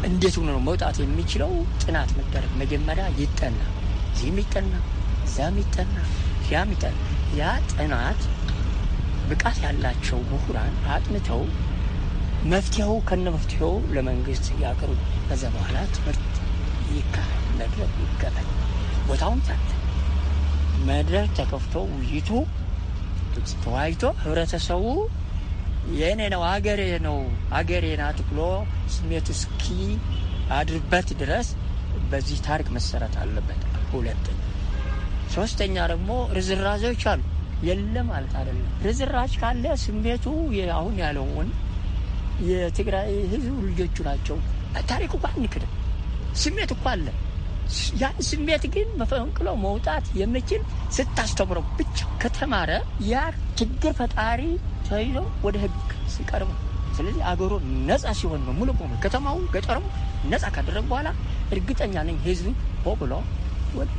እንዴት ነው መውጣት የሚችለው? ጥናት መደረግ መጀመሪያ ይጠና፣ እዚህም ይጠና፣ እዛም ይጠና፣ ያም ይጠና። ያ ጥናት ብቃት ያላቸው ምሁራን አጥንተው መፍትሄው ከነ መፍትሄው ለመንግስት ያቅሩ። ከዛ በኋላ ትምህርት ይካሄድ፣ መድረክ ይከፈል፣ ቦታውን ታለ መድረክ ተከፍቶ ውይይቱ ተዋይቶ ህብረተሰቡ የእኔ ነው አገሬ ነው አገሬ ናት ብሎ ስሜቱ እስኪ አድርበት ድረስ በዚህ ታሪክ መሰረት አለበት። ሁለተኛ ሶስተኛ ደግሞ ርዝራዜዎች አሉ የለም ማለት አይደለም። ርዝራች ካለ ስሜቱ አሁን ያለውን የትግራይ ህዝብ ልጆቹ ናቸው። ታሪኩ እኳ አንክድም። ስሜት እኳ አለ። ያን ስሜት ግን መፈንቅሎ መውጣት የምችል ስታስተምረው ብቻ ከተማረ ያ ችግር ፈጣሪ ተይዞ ወደ ህግ ሲቀርብ፣ ስለዚህ አገሩ ነጻ ሲሆን ነው ሙሉ በሙሉ ከተማው ገጠሩ ነጻ ካደረግ በኋላ እርግጠኛ ነኝ ህዝብ ሆ ብሎ ወደ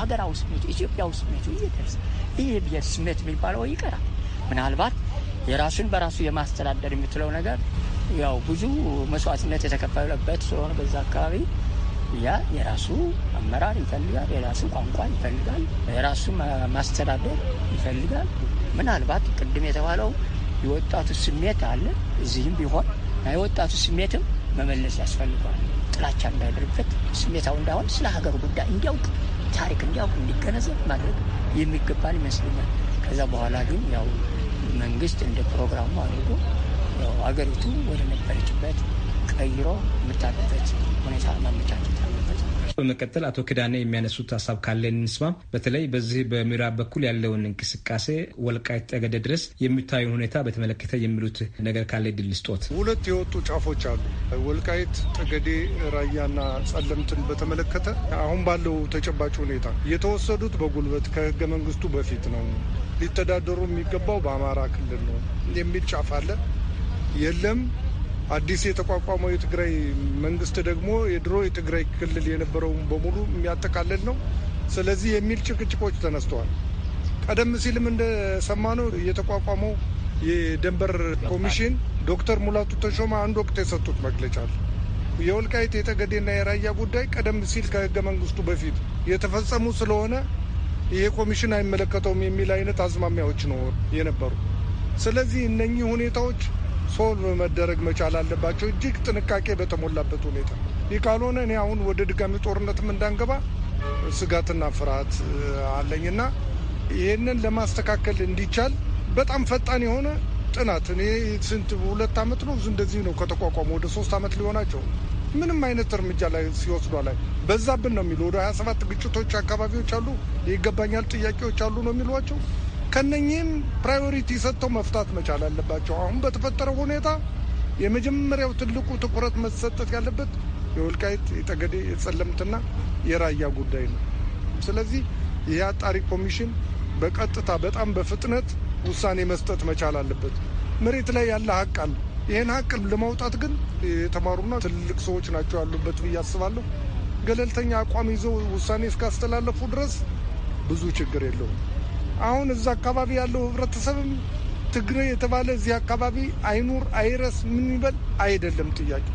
ሀገራ ስሜቱ ሜቱ ስሜቱ እየደርስ ይህ ብሔር ስሜት የሚባለው ይቀራል። ምናልባት የራሱን በራሱ የማስተዳደር የምትለው ነገር ያው ብዙ መስዋዕትነት የተከፈለበት ስለሆነ በዛ አካባቢ ያ የራሱ አመራር ይፈልጋል፣ የራሱ ቋንቋ ይፈልጋል፣ የራሱ ማስተዳደር ይፈልጋል። ምናልባት ቅድም የተባለው የወጣቱ ስሜት አለ እዚህም ቢሆን የወጣቱ ስሜትም መመለስ ያስፈልገዋል። ጥላቻ እንዳይደርበት፣ ስሜታው እንዳይሆን፣ ስለ ሀገር ጉዳይ እንዲያውቅ፣ ታሪክ እንዲያውቅ፣ እንዲገነዘብ ማድረግ የሚገባን ይመስለኛል። ከዛ በኋላ ግን ያው መንግስት እንደ ፕሮግራሙ አድርጎ ሀገሪቱ ወደ ነበረችበት ቀይሮ የምታልፍበት ሁኔታ ማመቻቸት በመቀጠል አቶ ክዳኔ የሚያነሱት ሀሳብ ካለ እንስማም። በተለይ በዚህ በምዕራብ በኩል ያለውን እንቅስቃሴ ወልቃይት ጠገደ ድረስ የሚታየውን ሁኔታ በተመለከተ የሚሉት ነገር ካለ ድል ስጦት ሁለት የወጡ ጫፎች አሉ። ወልቃይት ጠገዴ፣ ራያና ጸለምትን በተመለከተ አሁን ባለው ተጨባጭ ሁኔታ የተወሰዱት በጉልበት ከህገ መንግስቱ በፊት ነው ሊተዳደሩ የሚገባው በአማራ ክልል ነው የሚል ጫፍ አለ የለም አዲስ የተቋቋመው የትግራይ መንግስት ደግሞ የድሮ የትግራይ ክልል የነበረውን በሙሉ የሚያጠቃልል ነው። ስለዚህ የሚል ጭቅጭቆች ተነስተዋል። ቀደም ሲልም እንደሰማነው የተቋቋመው የደንበር ኮሚሽን ዶክተር ሙላቱ ተሾመ አንድ ወቅት የሰጡት መግለጫ አለ። የወልቃይት የጠገዴና የራያ ጉዳይ ቀደም ሲል ከህገ መንግስቱ በፊት የተፈጸሙ ስለሆነ ይሄ ኮሚሽን አይመለከተውም የሚል አይነት አዝማሚያዎች ነው የነበሩ። ስለዚህ እነኚህ ሁኔታዎች ሶልቭ መደረግ መቻል አለባቸው፣ እጅግ ጥንቃቄ በተሞላበት ሁኔታ። ይህ ካልሆነ እኔ አሁን ወደ ድጋሚ ጦርነትም እንዳንገባ ስጋትና ፍርሃት አለኝና ይህንን ለማስተካከል እንዲቻል በጣም ፈጣን የሆነ ጥናት እኔ ስንት ሁለት አመት ነው እንደዚህ ነው ከተቋቋመ ወደ ሶስት አመት ሊሆናቸው ምንም አይነት እርምጃ ላይ ሲወስዷ ላይ በዛብን ነው የሚሉ ወደ 27 ግጭቶች አካባቢዎች አሉ፣ ይገባኛል ጥያቄዎች አሉ ነው የሚሏቸው። ከነኚህም ፕራዮሪቲ ሰጥተው መፍታት መቻል አለባቸው። አሁን በተፈጠረው ሁኔታ የመጀመሪያው ትልቁ ትኩረት መሰጠት ያለበት የወልቃይት የጠገዴ የጸለምትና የራያ ጉዳይ ነው። ስለዚህ ይህ አጣሪ ኮሚሽን በቀጥታ በጣም በፍጥነት ውሳኔ መስጠት መቻል አለበት። መሬት ላይ ያለ ሀቅ አለ። ይህን ሀቅ ለማውጣት ግን የተማሩና ትልቅ ሰዎች ናቸው ያሉበት ብዬ አስባለሁ። ገለልተኛ አቋም ይዘው ውሳኔ እስካስተላለፉ ድረስ ብዙ ችግር የለውም። አሁን እዛ አካባቢ ያለው ህብረተሰብም ትግሬ የተባለ እዚህ አካባቢ አይኑር አይረስ ምን ይበል አይደለም ጥያቄ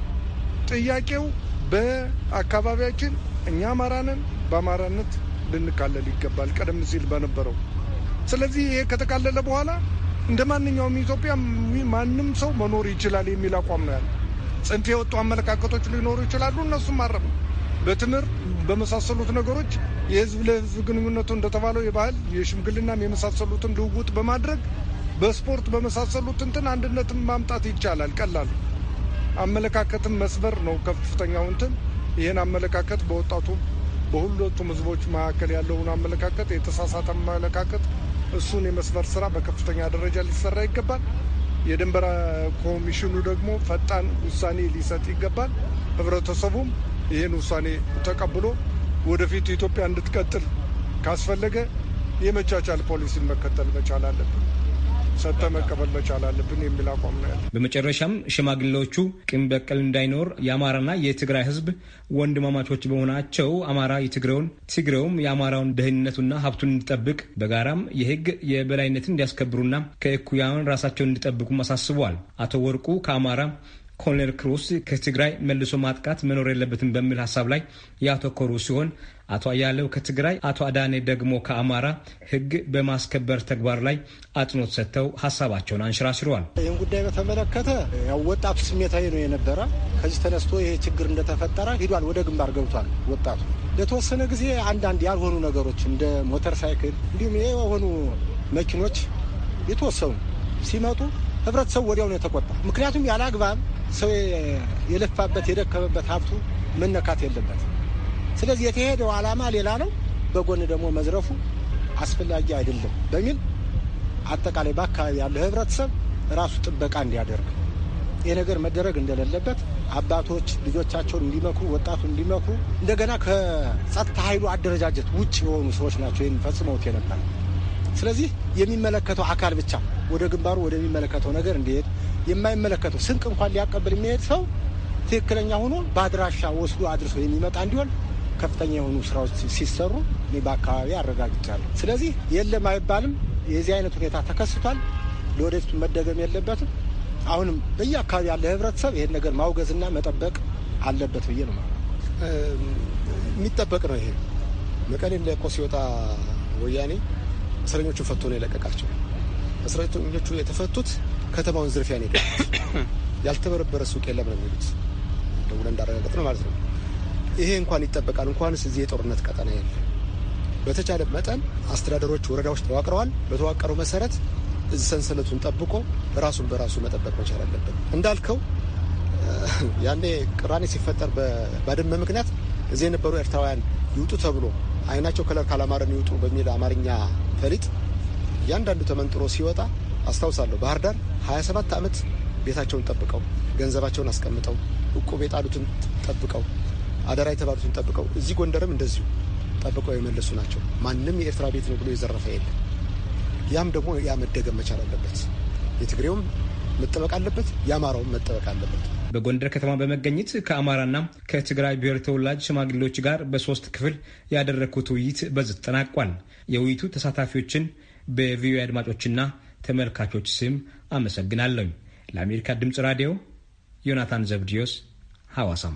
ጥያቄው በአካባቢያችን እኛ አማራንን በአማራነት ልንካለል ይገባል፣ ቀደም ሲል በነበረው። ስለዚህ ይሄ ከተካለለ በኋላ እንደ ማንኛውም ኢትዮጵያ ማንም ሰው መኖር ይችላል የሚል አቋም ነው ያለ። ጽንፍ የወጡ አመለካከቶች ሊኖሩ ይችላሉ፣ እነሱም ነው በትምህርት በመሳሰሉት ነገሮች የህዝብ ለህዝብ ግንኙነቱ እንደተባለው የባህል የሽምግልናም የመሳሰሉትን ልውውጥ በማድረግ በስፖርት በመሳሰሉት እንትን አንድነትን ማምጣት ይቻላል። ቀላል አመለካከትን መስበር ነው ከፍተኛው እንትን። ይህን አመለካከት በወጣቱ በሁለቱም ህዝቦች መካከል ያለውን አመለካከት የተሳሳተ አመለካከት እሱን የመስበር ስራ በከፍተኛ ደረጃ ሊሰራ ይገባል። የድንበር ኮሚሽኑ ደግሞ ፈጣን ውሳኔ ሊሰጥ ይገባል። ህብረተሰቡም ይህን ውሳኔ ተቀብሎ ወደፊት ኢትዮጵያ እንድትቀጥል ካስፈለገ የመቻቻል ፖሊሲን መከተል መቻል አለብን። ሰጥተ መቀበል መቻል አለብን የሚል አቋም ነው ያለ። በመጨረሻም ሽማግሌዎቹ ቂም በቀል እንዳይኖር የአማራና የትግራይ ሕዝብ ወንድማማቾች በመሆናቸው አማራ የትግሬውን፣ ትግሬውም የአማራውን ደህንነቱና ሀብቱን እንዲጠብቅ በጋራም የህግ የበላይነትን እንዲያስከብሩና ከእኩያን ራሳቸውን እንዲጠብቁም አሳስቧል። አቶ ወርቁ ከአማራ ኮሎኔል ክሩስ ከትግራይ መልሶ ማጥቃት መኖር የለበትም በሚል ሀሳብ ላይ ያተኮሩ ሲሆን አቶ አያሌው ከትግራይ፣ አቶ አዳኔ ደግሞ ከአማራ ሕግ በማስከበር ተግባር ላይ አጽንኦት ሰጥተው ሀሳባቸውን አንሸራሽረዋል። ይህን ጉዳይ በተመለከተ ያው ወጣቱ ስሜታዊ ነው የነበረ። ከዚህ ተነስቶ ይሄ ችግር እንደተፈጠረ ሂዷል፣ ወደ ግንባር ገብቷል። ወጣቱ ለተወሰነ ጊዜ አንዳንድ ያልሆኑ ነገሮች እንደ ሞተር ሳይክል እንዲሁም የሆኑ መኪኖች የተወሰኑ ሲመጡ ህብረተሰቡ ወዲያው ነው የተቆጣ። ምክንያቱም ያለ አግባብ ሰው የለፋበት የደከመበት ሀብቱ መነካት የለበት። ስለዚህ የተሄደው ዓላማ ሌላ ነው፣ በጎን ደግሞ መዝረፉ አስፈላጊ አይደለም በሚል አጠቃላይ በአካባቢ ያለ ህብረተሰብ ራሱ ጥበቃ እንዲያደርግ ይህ ነገር መደረግ እንደሌለበት አባቶች ልጆቻቸውን እንዲመክሩ፣ ወጣቱ እንዲመክሩ እንደገና ከጸጥታ ኃይሉ አደረጃጀት ውጭ የሆኑ ሰዎች ናቸው ይህን ፈጽመውት የነበረ። ስለዚህ የሚመለከተው አካል ብቻ ወደ ግንባሩ ወደሚመለከተው ነገር እንዲሄድ የማይመለከተው ስንቅ እንኳን ሊያቀብል የሚሄድ ሰው ትክክለኛ ሆኖ በአድራሻ ወስዶ አድርሶ የሚመጣ እንዲሆን ከፍተኛ የሆኑ ስራዎች ሲሰሩ እኔ በአካባቢ አረጋግጫለሁ። ስለዚህ የለም አይባልም። የዚህ አይነት ሁኔታ ተከስቷል። ለወደፊቱ መደገም የለበትም። አሁንም በየአካባቢ ያለ ህብረተሰብ ይሄን ነገር ማውገዝና መጠበቅ አለበት ብዬ ነው የሚጠበቅ ነው። ይሄ መቀሌን ለቆ ሲወጣ ወያኔ እስረኞቹን ፈቶ ነው የለቀቃቸው። እስረኞቹ የተፈቱት ከተማውን ዝርፊያ ነው (coughs) ያልተበረበረ ሱቅ የለም ነው የሚሉት። ደውለን እንዳረጋገጥ ነው ማለት ነው። ይሄ እንኳን ይጠበቃል፣ እንኳንስ እዚህ የጦርነት ቀጠና የለ። በተቻለ መጠን አስተዳደሮች፣ ወረዳዎች ተዋቅረዋል። በተዋቀረው መሰረት እዚህ ሰንሰለቱን ጠብቆ ራሱን በራሱ መጠበቅ መቻል አለበት። እንዳልከው ያኔ ቅራኔ ሲፈጠር በባድመ ምክንያት እዚህ የነበሩ ኤርትራውያን ይውጡ ተብሎ አይናቸው ከለር ካላማረን ይውጡ በሚል አማርኛ ፈሊጥ እያንዳንዱ ተመንጥሮ ሲወጣ አስታውሳለሁ። ባህር ዳር 27 ዓመት ቤታቸውን ጠብቀው ገንዘባቸውን አስቀምጠው እቁብ የጣሉትን ጠብቀው አደራ የተባሉትን ጠብቀው እዚህ ጎንደርም እንደዚሁ ጠብቀው የመለሱ ናቸው። ማንም የኤርትራ ቤት ነው ብሎ የዘረፈ የለም። ያም ደግሞ ያ መደገም መቻል አለበት። የትግሬውም መጠበቅ አለበት፣ የአማራውም መጠበቅ አለበት። በጎንደር ከተማ በመገኘት ከአማራና ከትግራይ ብሔር ተወላጅ ሽማግሌዎች ጋር በሶስት ክፍል ያደረግኩት ውይይት በዚህ ተጠናቋል። የውይይቱ ተሳታፊዎችን በቪኦኤ አድማጮችና ተመልካቾች ስም አመሰግናለሁ። ለአሜሪካ ድምፅ ራዲዮ ዮናታን ዘብዲዮስ ሐዋሳም